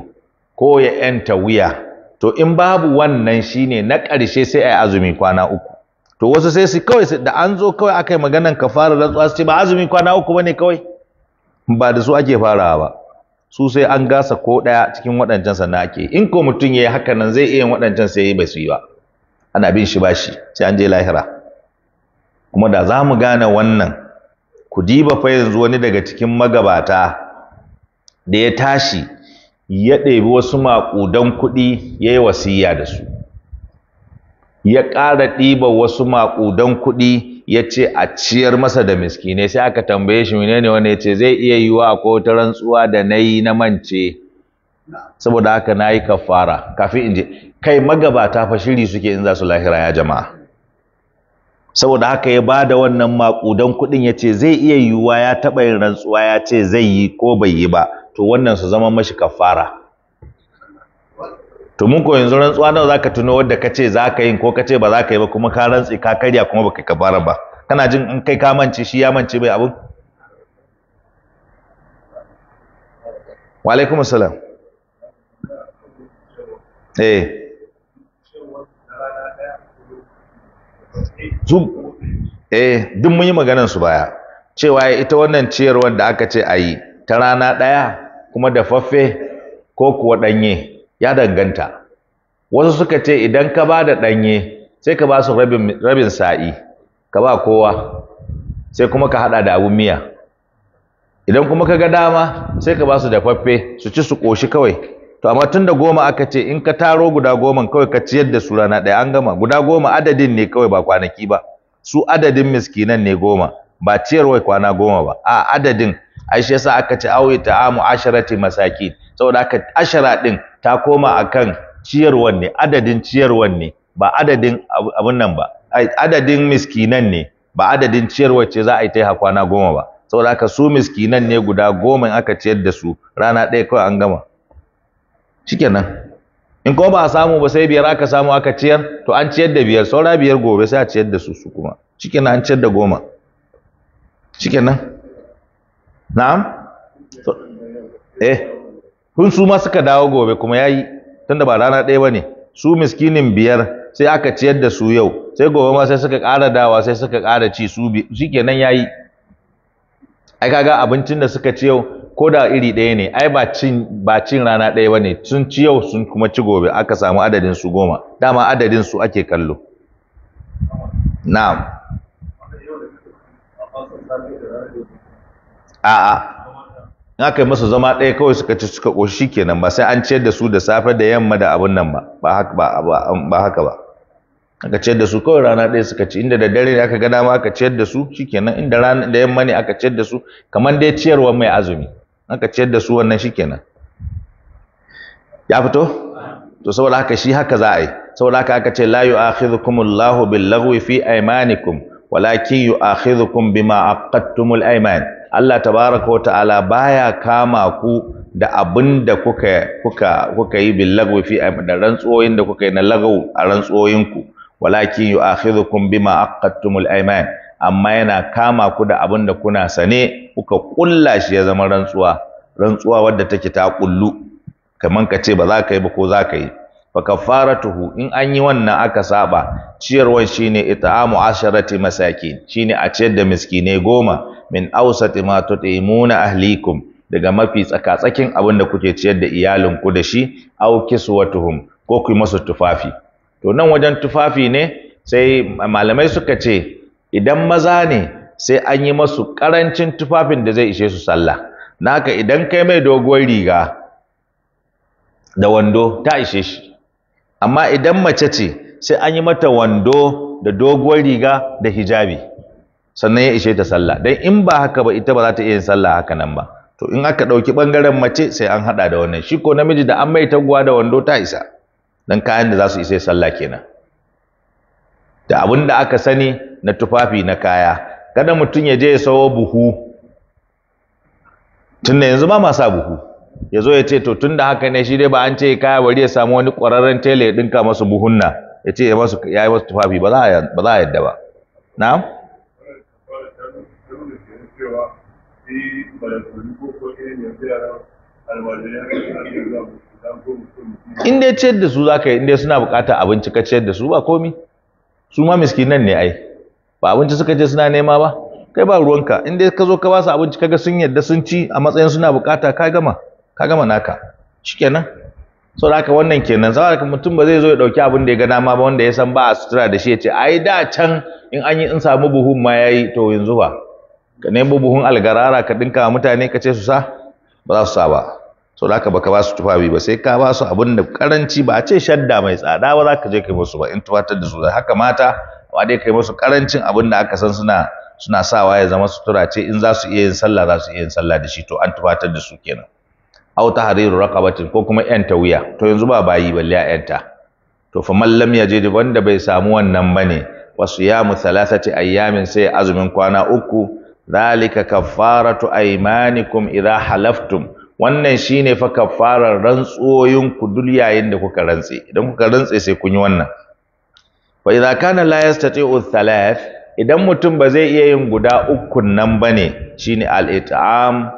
ko ya ‘yanta wuya to in babu wannan shine na ƙarshe sai a yi azumi kwana uku to wasu sai su kawai da an zo kawai aka yi maganan fara rantsuwa su ce ba azumi kwana uku ba ne kawai ba da su ake farawa ba su sai an gasa ko ɗaya cikin waɗancan sannan ake in ko mutum ya yi haka nan zai iya yin waɗancan sai bai su yi ba ana bin shi bashi sai an je lahira kuma da za mu gane wannan ku diba fa wani daga cikin magabata da ya tashi ya ɗebi wasu maƙudan kuɗi ya yi wasiya da su ya ƙara ɗiba wasu maƙudan kuɗi ya ce a ciyar masa da miskinai sai aka tambaye shi menene wani ya ce zai iya yiwuwa a kowace rantsuwa da na yi na mance saboda haka na yi kafara kafin in je kai magabata fa shiri suke in za su lahira ya jama'a saboda haka ya ba da wannan maƙudan kuɗin ya ce zai iya yiwuwa ya taɓa yin rantsuwa ya ce zai yi ko bai yi ba to wannan su zama mashi kafara to mun ko yanzu rantsuwa nawa zaka tuno wanda kace zaka yin ko kace ba zaka yi ba kuma ka rantsi ka karya kuma baka kafara ba kana jin in kai ka mance shi ya mance bai abun wa alaikum assalam eh zum eh duk mun yi maganar su baya cewa ita wannan ciyarwar da aka ce ayi ta rana daya kuma dafaffe ko kuwa ɗanye ya danganta wasu suka ce idan ka ba da ɗanye sai ka ba su rabin sa'i ka ba kowa sai kuma ka haɗa da abun miya idan kuma ka ga dama sai ka ba su dafaffe su ci su ƙoshi kawai to amma tun da goma aka ce in ka taro guda goma kawai ka ciyar da su rana ɗaya an gama guda goma adadin ne kawai ba kwanaki ba su adadin miskinan ne goma ba ciyarwa kwana goma ba a adadin ai shi yasa aka ce awi amu asharati masakin saboda aka, ashara din ta koma akan ciyarwan ne adadin ciyarwan ne ba adadin abun nan ba adadin miskinan ne ba adadin ciyarwar ce za a yi ta kwana goma ba saboda aka, su miskinan ne guda goma in aka ciyar da su rana ɗaya kawai an gama shikenan in ko ba a samu ba sai biyar aka samu aka ciyar to an ciyar da biyar saura biyar gobe sai a ciyar da su su kuma shikenan an ciyar da goma shikenan na'am eh kun su ma suka dawo gobe kuma yayi tunda ba rana ɗaya bane su miskinin biyar sai aka ciyar da su yau sai gobe ma sai suka ƙara dawa sai suka ƙara ci su bi shikenan yayi ai kaga abincin da suka ci yau ko da iri ɗaya ne ai ba cin ba cin rana ɗaya bane sun ci yau sun kuma ci gobe aka samu adadin su goma dama adadin su ake kallo na'am a'a a aka yi masa zama ɗaya kawai suka ci suka ƙoshi kenan ba sai an ciyar da su da safe da yamma da abin nan ba ba haka ba aka ciyar da su kawai rana ɗaya suka ci inda da dare ne aka ga dama aka ciyar da su shi kenan, inda rana da yamma ne aka ciyar da su kamar dai ciyarwa mai azumi aka ciyar da su wannan shi kenan. ya fito to saboda haka shi haka za a yi saboda haka aka ce la Allahu bil laghwi fi aymanikum walakin yu'akhidhukum bima aqadtumul ayman Allah tabaraka wa ta'ala baya kama ku da abin da kuka kuka kuka yi bil lagwi fi da rantsoyin da kuka yi na lagau a rantsoyin ku walakin yu'akhidhukum bima aqadtumul ayman amma yana kama ku da abin da kuna sane kuka kulla shi ya zama rantsuwa rantsuwa wadda take ta kullu kaman ka ce ba za ka yi ba ko za ka yi fa kafaratuhu in an yi wannan aka saba ciyarwar shine it'amu asharati masakin shine a ciyar da miskinai goma min ausati ma tut'imuna ahlikum daga mafi tsaka-tsakin abin da kuke ciyar da iyalin ku da shi aw kiswatuhum ko ku masu tufafi to nan wajen tufafi ne sai malamai suka ce idan maza ne sai an yi masu karancin tufafin da zai ishe su sallah naka idan kai mai doguwar riga da wando ta ishe shi amma idan mace ce sai an yi mata wando da doguwar riga da hijabi sannan ya ishe ta sallah dan in ba haka ba ita ba za ta iya yin sallah haka nan ba to in aka ɗauki bangaren mace sai an hada da wannan shi ko namiji da an mai taguwa da wando ta isa dan kayan da za su isa sallah kenan da abin da aka sani na tufafi na kaya kada mutum ya je ya sawo buhu tunda yanzu ba ma sa buhu ya zo ya ce to tunda haka ne shi dai ba an ce kaya bari ya samu wani ƙwararren tele ya ɗinka masu buhunna ya ce ya yi masu tufafi ba za a yadda ba na'am cewa su yi barazani ko ko irin yanzu yaran in dai ciyar da su za ka yi in dai suna buƙatar abinci ka ciyar da su ba komi su ma miskinan ne ai ba abinci suka je suna nema ba kai ba ruwanka in dai ka zo ka ba su abinci kaga sun yadda sun ci a matsayin suna buƙata ka gama ka gama naka kenan. sau haka wannan kenan sau da mutum ba zai zo ya ɗauki abin da ya ga dama ba wanda ya san ba a sutura da shi ya ce ai da can in an yi in samu buhun ma ya yi to yanzu ba ka nemo buhun algarara ka dinka mutane ka ce su sa ba za su sa ba so da haka baka ba su tufafi ba sai ka ba su abin da karanci ba a ce shadda mai tsada ba za ka je kai musu ba in tufatar da su da haka mata ba dai kai musu karancin abin da aka san suna suna sawa ya zama sutura ce in za su iya yin sallah za su iya yin sallah da shi to an tufatar da su kenan aw tahriru raqabatin ko kuma yanta wuya to yanzu ba bayi balle a yanta to fa man lam yajid wanda bai samu wannan bane wasu ya mu thalathati ayyamin sai azumin kwana uku zalika kaffaratu aymanikum idha halaftum wannan shine fa kaffarar rantsoyin ku duk yayin da kuka rantsi, idan kuka rantsi sai kun yi wannan fa idza kana la yastati'u thalath idan mutum ba zai iya yin guda uku nan bane shine al-it'am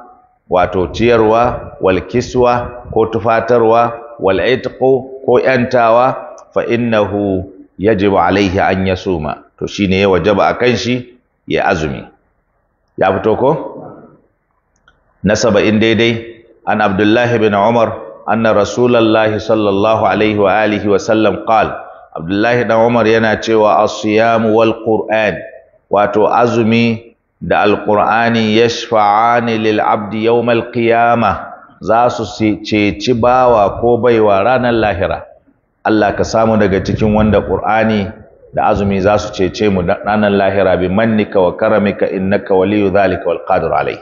wato ciyarwa wal kiswa ko tufatarwa wal itqu ko yantawa fa innahu yajibu alaihi an yasuma to shine ya wajaba akan shi ya azumi ya fito ko na saba'in daidai an abdullahi bin umar anna Rasulallah sallallahu alaihi wa alihi wa sallam qal abdullahi dan umar yana cewa as wal qur'an wato azumi da alqur'ani yashfa'ani lil abdi yawm al qiyamah za su ceci bawa ko baiwa ranar lahira Allah ka samu daga cikin wanda ƙur'ani. da azumi za su cece mu ɗanan lahira bi mannika wa karamika innaka waliyu zalika wal qadir alai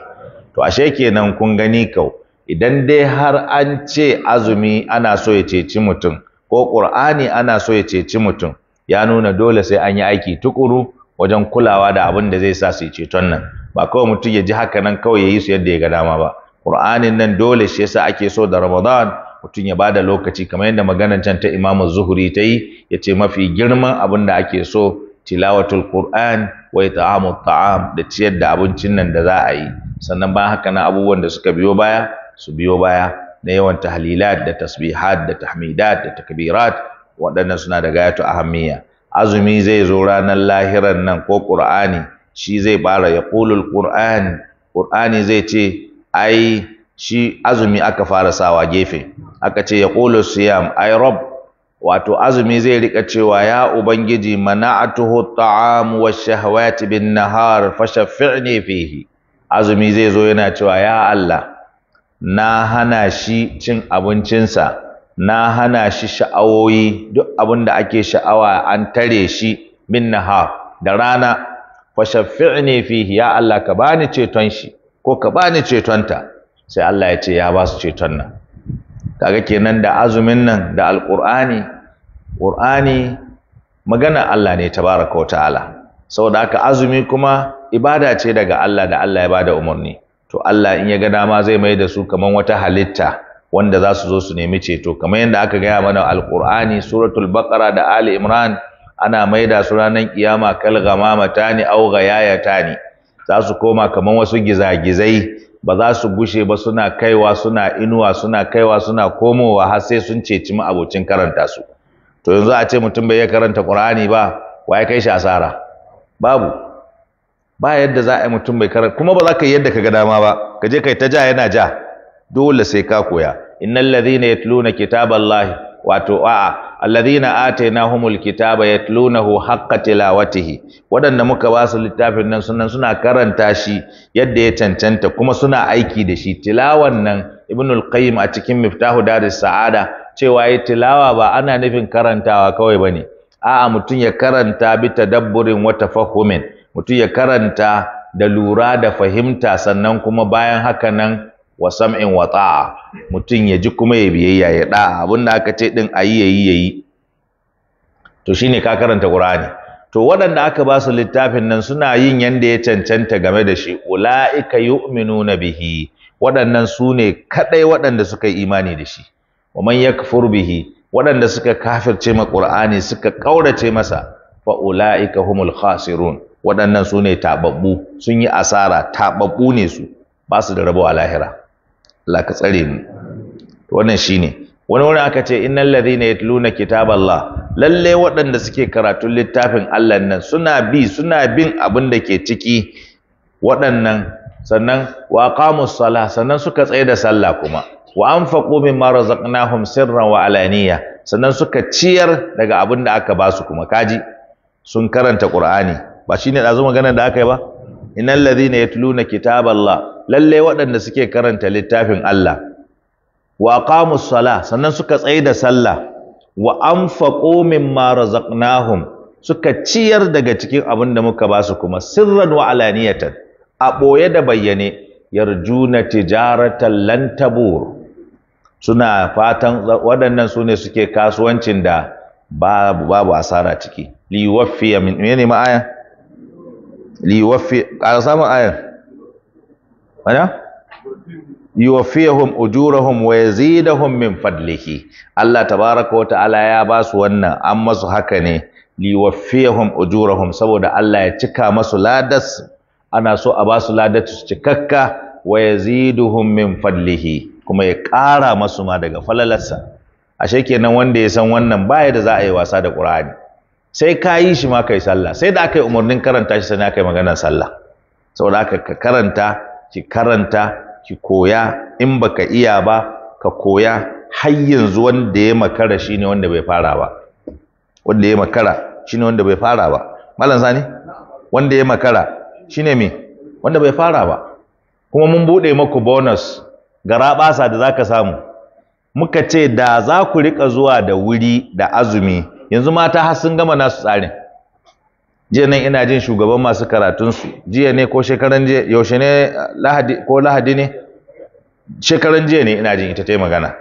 to ashe kenan kun gani kau idan dai har an ce azumi ana so ya ceci mutum ko ƙur'ani ana so ya ceci mutum ya nuna dole sai an yi aiki tukuru wajen kulawa da abin da zai sa su ceton nan ba kawai mutum ya ji haka nan kawai ya yi su yadda ya ga dama ba qur'anin nan dole shi yasa ake so da ramadan mutum ya bada lokaci kamar yadda maganar can ta imamu zuhuri ta yi ya ce mafi girman abin da ake so tilawatul Qur'an wai ta'amu ta'am da ciyar da abincin nan da za a yi sannan ba haka na abubuwan da suka biyo baya su biyo baya na yawan tahlilat da tasbihat da tahmidat da takbirat waɗannan suna da gayatu ahammiya azumi zai zo ranar lahiran nan ko Qur'ani shi zai fara yaqulul Qur'an Qur'ani zai ce ai shi azumi aka fara sawa gefe aka ce ya ƙulu siyam ai rob wato azumi zai rika cewa ya ubangiji mana'atuhu ta'am wa shahwati bin nahar fashaffi'ni fihi azumi zai zo yana cewa ya Allah na hana shi cin abincinsa na hana shi sha'awoyi duk abin da ake sha'awa an tare shi bin nahar da rana fashaffi'ni fihi ya Allah ka bani ceton shi ko ka bani cetonta sai Allah ya ce ya ba su ceton nan kaga kenan da azumin nan da alqur'ani qur'ani magana Allah ne tabaraka ta'ala saboda haka azumi kuma ibada ce daga Allah da Allah ya bada umarni to Allah in ya ga dama zai mai da su kaman wata halitta wanda za su zo su nemi ceto kamar yadda aka gaya mana alqur'ani suratul baqara da ali imran ana maida su ranar kiyama kal ghamama tani aw za su koma kaman wasu gizagizai ba za su gushe ba suna kaiwa suna inuwa suna kaiwa suna komowa har sai sun ceci mu abocin karanta su to yanzu a ce mutum bai karanta Qur'ani ba wai kai shi asara babu ba yadda za a yi mutum bai karanta kuma ba za ka yi yadda ka ga dama ba ka je kai ta ja yana ja dole sai ka koya innal ladhina yatluna kitaballahi wato a'a ya atainahumul kitaba yatlunahu haqqa tilawatihi Waɗanda muka ba su littafin nan sunan suna karanta shi yadda ya cancanta kuma suna aiki da shi tilawan nan ibnul qayyim a cikin miftahu daris sa'ada cewa yi tilawa ba ana nufin karantawa kawai ba bane a'a mutum ya karanta bi dabburin wata tafahumin mutum ya karanta da lura da fahimta sannan kuma bayan haka nan wa sam'in wa ta'a mutum ya ji kuma ya biyayya ya ɗa'a abin da aka ce din ayi yayi yayi to shine ka karanta Qur'ani to waɗanda aka ba su littafin nan suna yin yanda ya cancanta game da shi ulaika yu'minuna bihi waɗannan su ne kaɗai waɗanda suka yi imani da shi wa man yakfur bihi waɗanda suka kafirce ma Qur'ani suka kaurace masa fa ulaika humul khasirun waɗannan su ne taɓaɓɓu sun yi asara taɓaɓɓu ne su ba su da rabo a lahira Allah ka tsare mu wannan shine wani wurin aka ce innal ladhina yatluna kitaballah lalle waɗanda suke karatun littafin Allah nan suna bi suna bin abin da ke ciki waɗannan sannan wa aqamus sannan suka tsaye da sallah kuma wa anfaqu mimma razaqnahum sirran wa alaniya sannan suka ciyar daga abin da aka basu kuma kaji sun karanta qur'ani ba shine zuma maganar da aka yi ba innal ladhina yatluna kitaballah Lallai waɗanda suke karanta littafin Allah wa sala sannan suka tsaye da sallah wa anfaqu mimma razaqnahum suka ciyar daga cikin abin da muka ba su kuma sirran wa alaniyatan a boye da bayyane yarjuna tijaratan lan tabur suna fatan waɗannan su ne suke kasuwancin da babu babu asara ciki liwaffiya min mene ma aya liwaffi a samu ayar mana yuwaffiyahum ujurahum wa yazidahum min fadlihi Allah tabaraka wa ta'ala ya ba su wannan an masu haka ne liwaffiyahum ujurahum saboda Allah ya cika masu ladas ana so a ba su ladas cikakka wa yaziduhum min fadlihi kuma ya ƙara masu ma daga falalarsa ashe kenan wanda ya san wannan baya da za a yi wasa da Qur'ani sai ka yi shi ma kai sallah sai da aka yi umarnin karanta shi sai aka yi maganar sallah saboda aka ka karanta ki karanta ki koya in baka iya ba ka koya har yanzu wanda ya makara shine wanda bai fara ba wanda ya makara shine wanda bai fara ba malam sani wanda ya makara shine me wanda bai fara ba kuma mun bude maku bonus gara basa da zaka samu muka ce da za ku rika zuwa da wuri da azumi yanzu mata har sun gama nasu tsarin jiya nan ina jin shugaban masu karatunsu jiya ne ko shekaran jiya yaushe ne lahadi ko lahadi ne shekaran jiya ne ina jin ita ta yi magana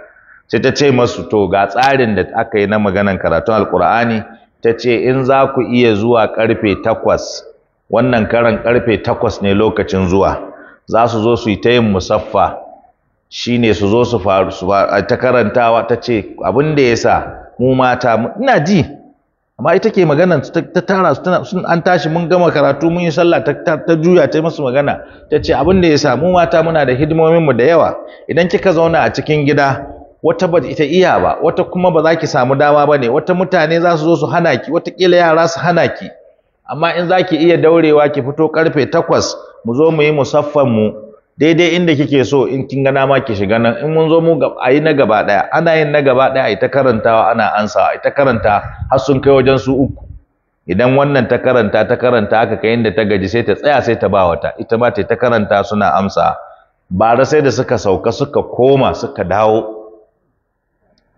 sai ta ce masu to ga tsarin da aka yi na maganan karatun alkur'ani ta ce in za ku iya zuwa karfe takwas wannan karan karfe takwas ne lokacin zuwa za su zo su yi ta yin musaffa shine su zo su faru ta karantawa ta ce abin da ya sa mu mata ina ji amma ita ke magana ta tara su an tashi mun gama karatu mun yi sallah ta juya ta masu magana ta ce abin da ya samu mata muna da hidimomin mu da yawa idan kika zauna a cikin gida wata ba ita iya ba wata kuma ba za ki samu dama ba ne wata mutane za su zo su hana ki wata kila yara su hana ki amma in za ki iya daurewa ki fito karfe takwas mu zo mu yi musaffan mu daidai inda kike so in kin ga nama ki shiga nan in mun zo mu ayi yi na gaba daya ana yin na gaba daya a ta karantawa ana ansa ai ta karanta har sun kai wajen su uku idan wannan ta karanta ta karanta aka kai inda ta gaji sai ta tsaya sai ta ba wata ita ma ta ta karanta suna amsa bara sai da suka sauka suka koma suka dawo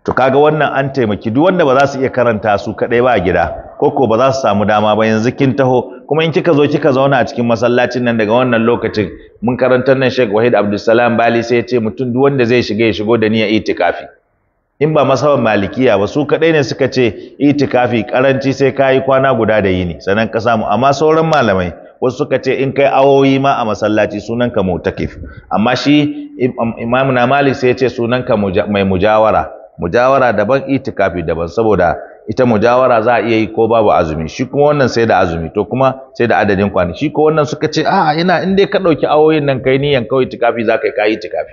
to kaga wannan an taimaki duk wanda ba za su iya karanta su kadai ba gida koko ba za su samu dama ba yanzu kin taho kuma in kika zo kika zauna a cikin masallacin nan daga wannan lokacin mun karantar nan Sheikh Wahid Abdulsalam Bali sai ya ce mutum duk wanda zai shiga ya shigo da niyyar itikafi in ba masaban malikiya ba su kadai ne suka ce itikafi karanci sai kayi kwana guda da yini sannan ka samu amma sauran malamai wasu suka ce in kai awoyi ma a masallaci sunan ka mutakif amma shi imamu na malik sai ya ce sunan ka mai mujawara mujawara daban itikafi daban saboda ita mujawara za a iya yi ko babu azumi shi kuma wannan sai da azumi to kuma sai da adadin kwani shi ko wannan suka ce a ina in dai ka dauki awoyin nan kai niyan kawai tikafi za ka yi tikafi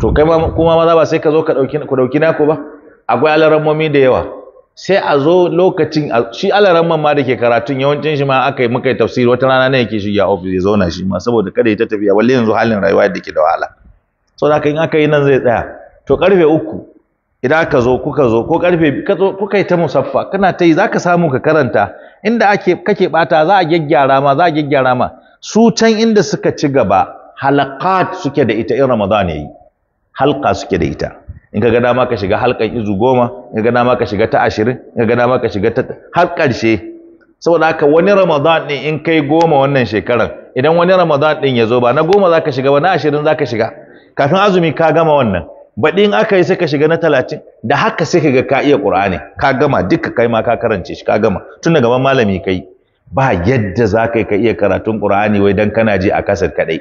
to kai ma kuma maza ba sai ka zo ka dauki ku ɗauki naku ba akwai alarammomi da yawa sai a zo lokacin shi alaramman ma da ke karatun yawancin shi ma aka yi muka yi tafsiri wata rana ne yake shiga ofis ya zauna shi ma saboda kada ya ta tafiya balle yanzu halin rayuwa da ke da wahala saboda haka in aka yi nan zai tsaya to karfe uku idan aka zo kuka zo ko karfe kuka yi ta musaffa kana ta yi za ka samu ka karanta inda ake kake bata za a gyaggyara ma za a gyaggyara ma su can inda suka ci gaba halaqat suke da ita in ramadan yayi halqa suke da ita in ka ga dama ka shiga halkan izu goma in ka ga dama ka shiga ta ashirin in ka ga dama ka shiga ta har karshe saboda haka wani ramadan ne in kai goma wannan shekaran idan wani ramadan din ya zo ba na goma za ka shiga ba na ashirin za ka shiga kafin azumi ka gama wannan baɗi in aka yi sai ka shiga na talatin da haka sai ka ga ka iya ƙur'ani ka gama duka kai ma ka karance shi ka gama tun da gaban malami kai ba yadda za ka yi ka iya karatun ƙur'ani wai dan kana ji a kasar kaɗai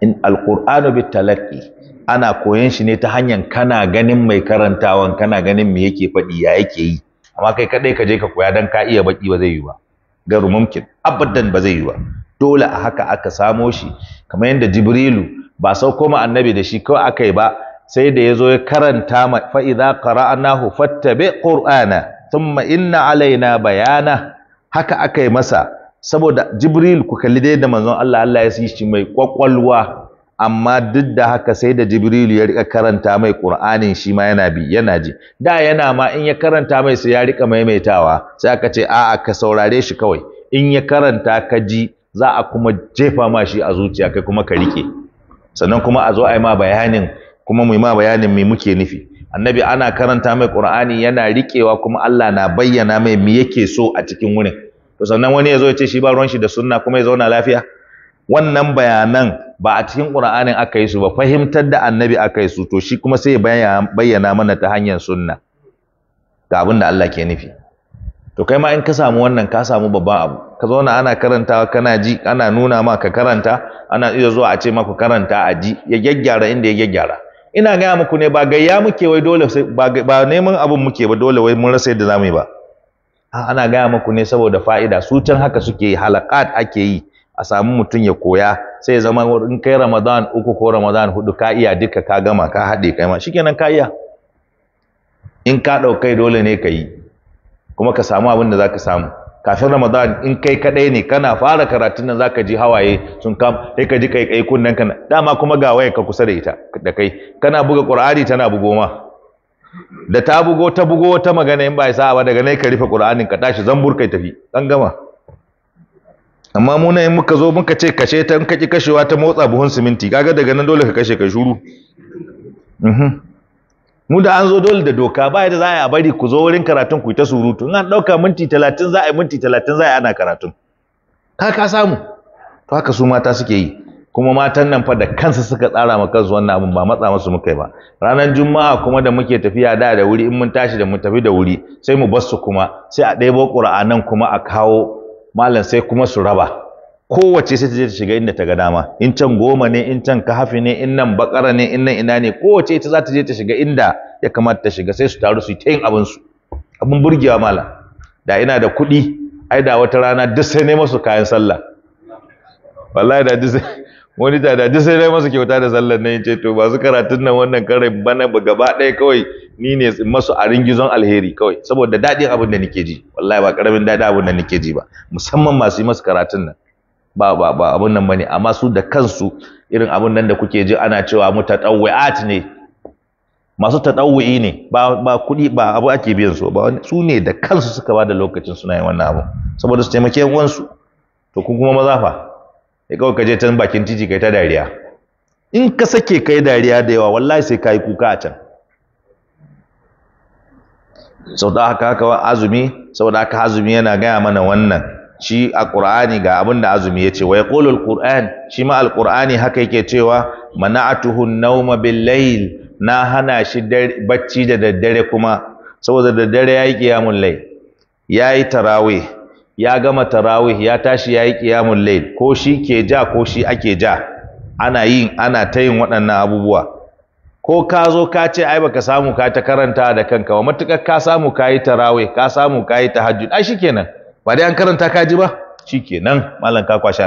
in alƙur'anu bi talaqqi ana koyan shi ne ta hanyar kana ganin mai karantawan kana ganin me yake faɗi ya yake yi amma kai kaɗai ka je ka koya dan ka iya baƙi ba zai yi ba garu mumkin abadan ba zai yi ba dole a haka aka samo shi kamar yadda jibrilu ba sau koma annabi da shi kawai aka ba sai da ya zo ya karanta ma fa idza qara'nahu fattabi qur'ana thumma inna alaina bayana haka aka yi masa saboda jibril ku kalli dai da manzon Allah Allah ya yi shi mai kwakwalwa amma duk da haka sai da jibril ya rika karanta mai qur'anin shi ma yana bi yana ji da yana ma in ya karanta mai sai ya rika maimaitawa sai aka ce a'a ka saurare shi kawai in ya karanta ka ji za a kuma jefa ma shi a zuciya kai kuma ka rike sannan kuma a zo a yi ma bayanin kuma mu yi ma bayanin me muke nufi annabi ana karanta mai qur'ani yana riƙewa kuma Allah na bayyana mai me yake so a cikin wurin to sannan wani ya zo ya ce shi ba ruwan shi da sunna kuma ya zauna lafiya wannan bayanan ba a cikin qur'anin aka yi su ba fahimtar da annabi aka yi su to shi kuma sai ya bayyana mana ta hanyar sunna ga abin da Allah ke nufi to kai ma in ka samu wannan ka samu babban abu ka zauna ana karantawa kana ji ana nuna ma ka karanta ana iya zuwa a ce maku karanta a ji ya gyaggyara inda ya gyaggyara ina gaya muku ne ba gayya muke wai dole ba neman abin muke ba dole wai mun rasa yadda zamu yi ba ana gaya muku ne saboda fa'ida su can haka suke yi halakat ake yi a samu mutum ya koya sai ya zama in kai ramadan uku ko ramadan hudu ka iya duka ka gama ka haɗe kai ma shikenan ka iya in ka ɗaukai dole ne ka yi kuma ka samu abin da za ka samu kafin ramadan in kai kadai ne kana fara karatun nan ka ji hawaye sun kam sai ka ji kai kai kunnen kana dama kuma ga wayar ka kusa da ita da kai kana buga qur'ani tana bugo ma da ta bugo ta bugo ta magana in ba ya sa'a ba daga nan ka rufe qur'anin ka tashi zambur kai tafi dan gama amma mu nan muka zo muka ce kashe ta in ka ki kashewa ta motsa buhun siminti kaga daga nan dole ka kashe ka shuru mhm mu da an zo dole da doka ba yadda za a bari ku zo wurin karatun ku ta surutu in an ɗauka minti talatin za a yi minti talatin za a yi ana karatun ka ka samu to haka su mata suke yi kuma matan nan fa da kansu suka tsara ma kansu wannan abin ba matsa musu muka yi ba ranar juma'a kuma da muke tafiya da da wuri in mun tashi da mun tafi da wuri sai mu bar su kuma sai a ɗebo ƙura'anan kuma a kawo malam sai kuma su raba kowace sai ta je ta shiga inda ta ga dama in can goma ne in can kahafi ne in nan bakara ne in nan ina ne kowace ita za ta je ta shiga inda ya kamata ta shiga sai su taru su yi ta yin abin su abin burgewa mala. da ina da kuɗi ai da wata rana duk sai ne masu kayan sallah wallahi da duk wani da da duk sai ne masu kyauta da sallar nan ce to masu karatun nan wannan karin bana gaba ɗaya kawai ni ne masu a ringizon alheri kawai saboda daɗin abin da nake ji wallahi ba karamin daɗin abin da nake ji ba musamman masu yi masu karatun nan ba ba ba abun nan bane amma su da kansu irin abun nan da kuke ji ana cewa mutatawwi'at ne masu tatawwi'i ne ba ba kuɗi ba abu ake biyan su ba su ne da kansu suka ba da lokacin suna yin wannan abu saboda su taimake yan uwansu to kun kuma maza fa ya kawai ka je can bakin titi kai ta dariya in ka sake kai dariya da yawa wallahi sai kai kuka a can sau da haka azumi saboda haka azumi yana gaya mana wannan shi a Qur'ani ga abin da azumi ya ce wa ya ƙolul quran shi ma Alƙur'ani haka yake cewa mana a tuhun nauma billayil na hana shi bacci da daddare kuma saboda daddare ya yi ƙiyamun lai ya yi tarawe ya gama tarawe ya tashi ya yi ƙiyamun lai ko shi ke ja ko shi ake ja ana yin ana ta yin waɗannan abubuwa ko ka zo ka ce ai baka samu ka ta karanta da kanka ba matuƙar ka samu ka yi tarawe ka samu ka yi tahajjud ai shikenan ba dai an karanta ka ji ba shikenan malam ka kwashi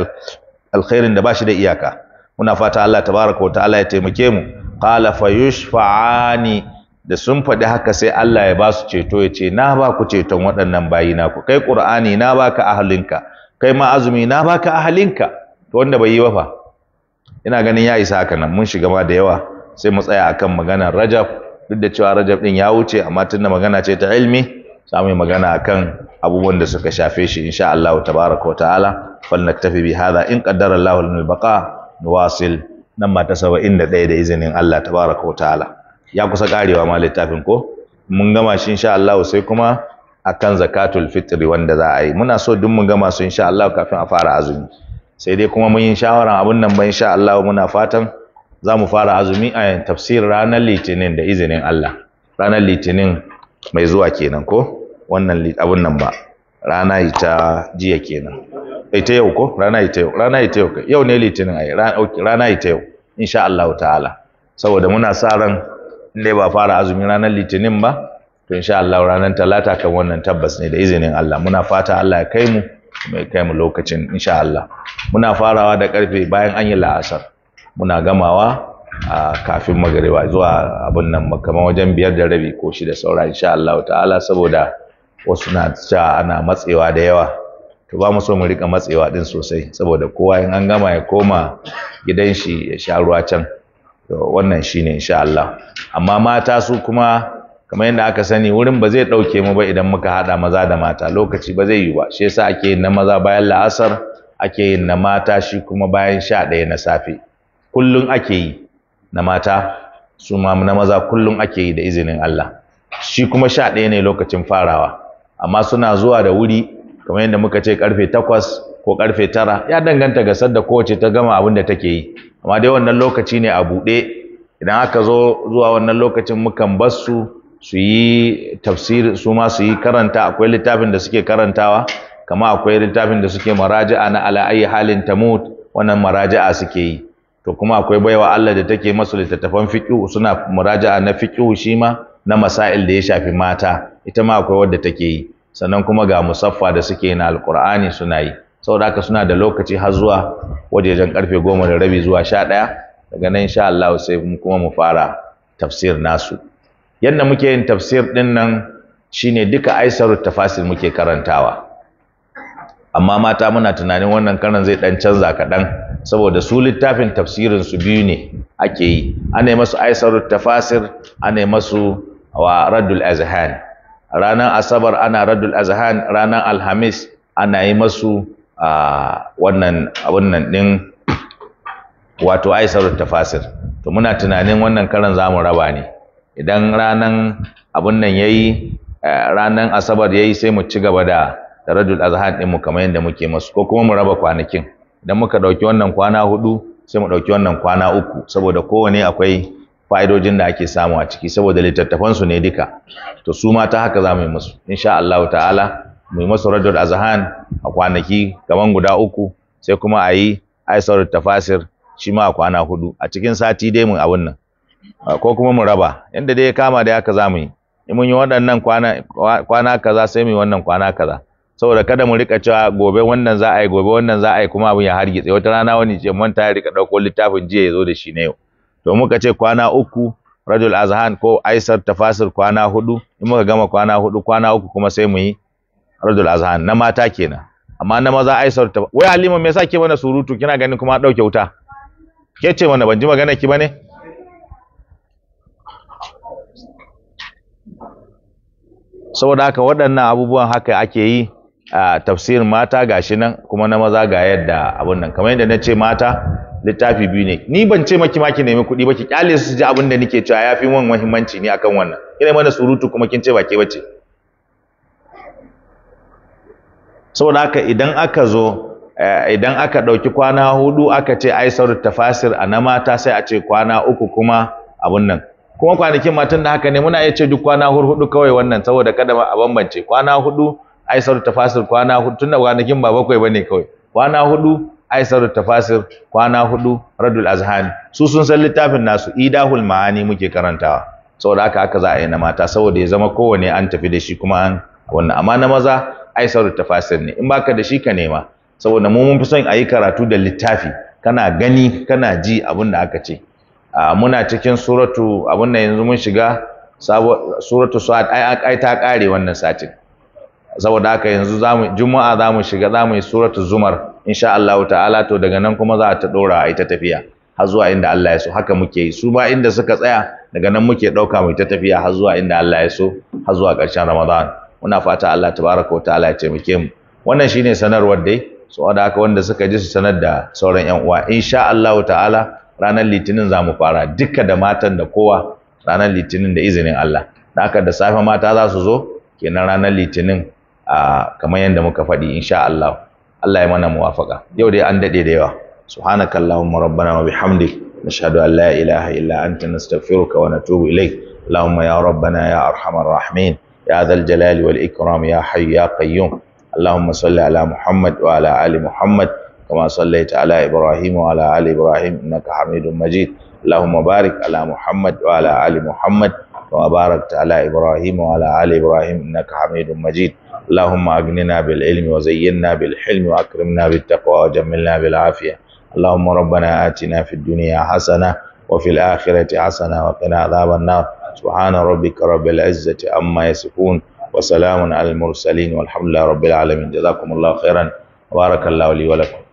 alkhairin da ba shi da iyaka muna fata Allah tabaraka wa ta'ala ya taimake mu qala fayushfa'ani da sun faɗi haka sai Allah ya ba su ceto ya ce na ba ku ceton waɗannan bayi ku kai qur'ani na baka ahalinka kai ma azumi na baka ahalinka to wanda bai yi ba fa ina ganin ya isa haka nan mun shiga ma da yawa sai mu tsaya akan magana Rajab duk da cewa Rajab din ya wuce amma tunda magana ce ta ilmi sai magana akan abubuwan da suka shafe shi insha Allah tabaraka wa ta'ala falnaktafi bi hadha in qaddara Allahu lana al-baqa nuwasil nan ma ta 71 da izinin Allah tabaraka wa ta'ala ya kusa karewa ma littafin ko mun gama shi insha Allah sai kuma akan zakatul fitri wanda za a yi muna so duk mun gama su insha Allah kafin a fara azumi sai dai kuma mun yi shawaran abun nan ba insha Allah muna fatan za mu fara azumi a tafsir ranar litinin da izinin Allah ranar litinin mai zuwa kenan ko wannan abun nan ba rana ita jiya kenan ita yau ko rana ita yau rana ita yau yau ne litinin ai rana ita yau insha Allah ta'ala saboda muna sa ran ne ba fara azumi ranar litinin ba to insha Allah ranar talata kan wannan tabbas ne da izinin Allah muna fata Allah ya kai mu mai kai mu lokacin insha Allah muna farawa da karfe bayan an yi la'asar muna gamawa a kafin magariba zuwa abin nan kamar wajen biyar da rabi ko shida saura insha Allah ta'ala saboda wasu na cewa ana matsewa da yawa to ba mu so mu rika matsewa din sosai saboda kowa in an gama ya koma gidan shi ya sha ruwa can to wannan shine insha Allah amma mata su kuma kamar yadda aka sani wurin ba zai dauke mu ba idan muka hada maza da mata lokaci ba zai yi ba shi yasa ake yin na maza bayan la'asar ake yin na mata shi kuma bayan sha ɗaya na safe kullum ake yi na mata su ma na maza kullum ake yi da izinin Allah shi kuma sha ɗaya ne lokacin farawa amma suna zuwa da wuri kamar yadda muka ce karfe takwas ko karfe tara ya danganta ga sadda kowace ta gama abin da take yi amma dai wannan lokaci ne a buɗe idan aka zo zuwa wannan lokacin mukan bar su su yi tafsiri su ma su yi karanta akwai littafin da suke karantawa kama akwai littafin da suke maraji'a na ala ayi halin tamut wannan maraji'a suke yi to kuma akwai baiwa Allah da take masu littattafan fiqh suna muraja'a na fiqh shi ma na masail da ya shafi mata ita ma akwai wadda take yi sannan kuma ga musaffa da suke na alqur'ani suna yi saboda haka suna da lokaci har zuwa wajejen karfe goma da rabi zuwa sha ɗaya daga nan insha Allah sai kuma mu fara tafsir nasu yadda muke yin tafsir ɗin nan shine duka aisarut tafasir muke karantawa amma mata muna tunanin wannan karan zai dan canza kaɗan saboda su littafin tafsirin su biyu ne ake yi ana yi masu aisarut tafasir ana yi masu wa raddul azhan ranan asabar ana radul azhan ranar alhamis ana yi masu wannan wannan din wato aisaru tafasir to muna tunanin wannan karan zamu raba ne idan ranan abun nan yayi ranan asabar yayi sai mu ci gaba da radul azhan din mu kamar yanda muke masu ko kuma mu raba kwanakin idan muka dauki wannan kwana hudu sai mu dauki wannan kwana uku saboda kowane akwai fa'idojin da ake samu a ciki saboda littattafan su ne duka to su ma ta haka mu yi musu insha Allah ta'ala mu yi musu radul azhan a kwanaki kaman guda uku sai kuma a yi aisar tafasir shi ma a kwana hudu a cikin sati dai mun abun nan ko kuma mu raba inda dai ya kama da haka mu yi in mun yi waɗannan kwana kwana kaza sai mu yi wannan kwana kaza saboda kada mu rika cewa gobe wannan za a yi gobe wannan za a yi kuma abin ya hargitse wata rana wani ce manta ya rika ɗauko littafin jiya ya zo da shi na yau to muka ce kwana uku radul azhan ko aisar tafasir kwana hudu in muka gama kwana hudu kwana uku kuma sai mu yi radul azhan na mata kenan amma na maza aisar ta wai halima me yasa ke mana surutu kina ganin kuma dauke wuta ke ce mana ban ji magana ki bane saboda haka waɗannan abubuwan haka ake yi a tafsirin mata gashi nan kuma na maza ga yadda abun nan kamar yadda na ce mata littafi biyu ne ni ban ce maki maki ki nemi kuɗi ba ki kyale su ji abin da nake cewa yafi min muhimmanci ne akan wannan kina mana surutu kuma kin ce ba ke bace saboda haka idan aka zo eh, idan aka ɗauki kwana hudu aka ce ai saurin tafasir a na mata sai a ce kwana uku kuma abun nan kuma kwanakin matan da haka ne muna iya ce duk kwana hudu kawai wannan saboda kada a bambance kwana hudu ai saurin tafasir kwana hudu tunda kwanakin ba bakwai bane kawai kwana hudu aisar tafasir kwana hudu radul azhan su sun san littafin nasu idahul ma'ani muke karantawa saboda haka haka za a yi na mata saboda ya zama kowane an tafi da shi kuma an wannan amma na maza aisarut tafasir ne in baka da shi ka nema saboda mu mun fi son a yi karatu da littafi kana gani kana ji abin da aka ce muna cikin suratu abin da yanzu mun shiga suratu sa'ad ai ta kare wannan satin saboda haka yanzu Juma'a juma'a mu shiga za mu yi suratu zumar insha Allah ta'ala to daga nan kuma za ta dora a ita tafiya har zuwa inda Allah ya so haka muke yi su ba inda suka tsaya daga nan muke dauka mu ta tafiya har zuwa inda Allah ya so har zuwa ƙarshen Ramadan muna fata Allah tabaraka wa ta'ala ya taimake mu wannan shine sanarwar dai so da haka wanda suka ji su sanar da sauran yan uwa insha Allah ta'ala ranar litinin za mu fara duka da matan da kowa ranar litinin da izinin Allah da haka da safe mata za su zo kenan ranar litinin kamar yadda muka faɗi insha Allah Allah ya mana muwafaka yau dai an daɗe da yawa subhanakallahumma rabbana wa bihamdik nashhadu an la ilaha illa anta nastaghfiruka wa natubu ilayk اللهم يا ربنا يا أرحم الراحمين يا ذا الجلال والإكرام يا حي يا قيوم اللهم صل على محمد وعلى آل محمد كما صليت على إبراهيم وعلى آل إبراهيم إنك حميد مجيد اللهم بارك على محمد وعلى آل محمد كما باركت على إبراهيم وعلى آل إبراهيم إنك حميد مجيد اللهم أغننا بالعلم وزينا بالحلم وأكرمنا بالتقوى وجملنا بالعافية اللهم ربنا آتنا في الدنيا حسنة وفي الآخرة حسنة وقنا عذاب النار سبحان ربك رب العزة عما يصفون وسلام على المرسلين والحمد لله رب العالمين جزاكم الله خيرا وبارك الله لي ولكم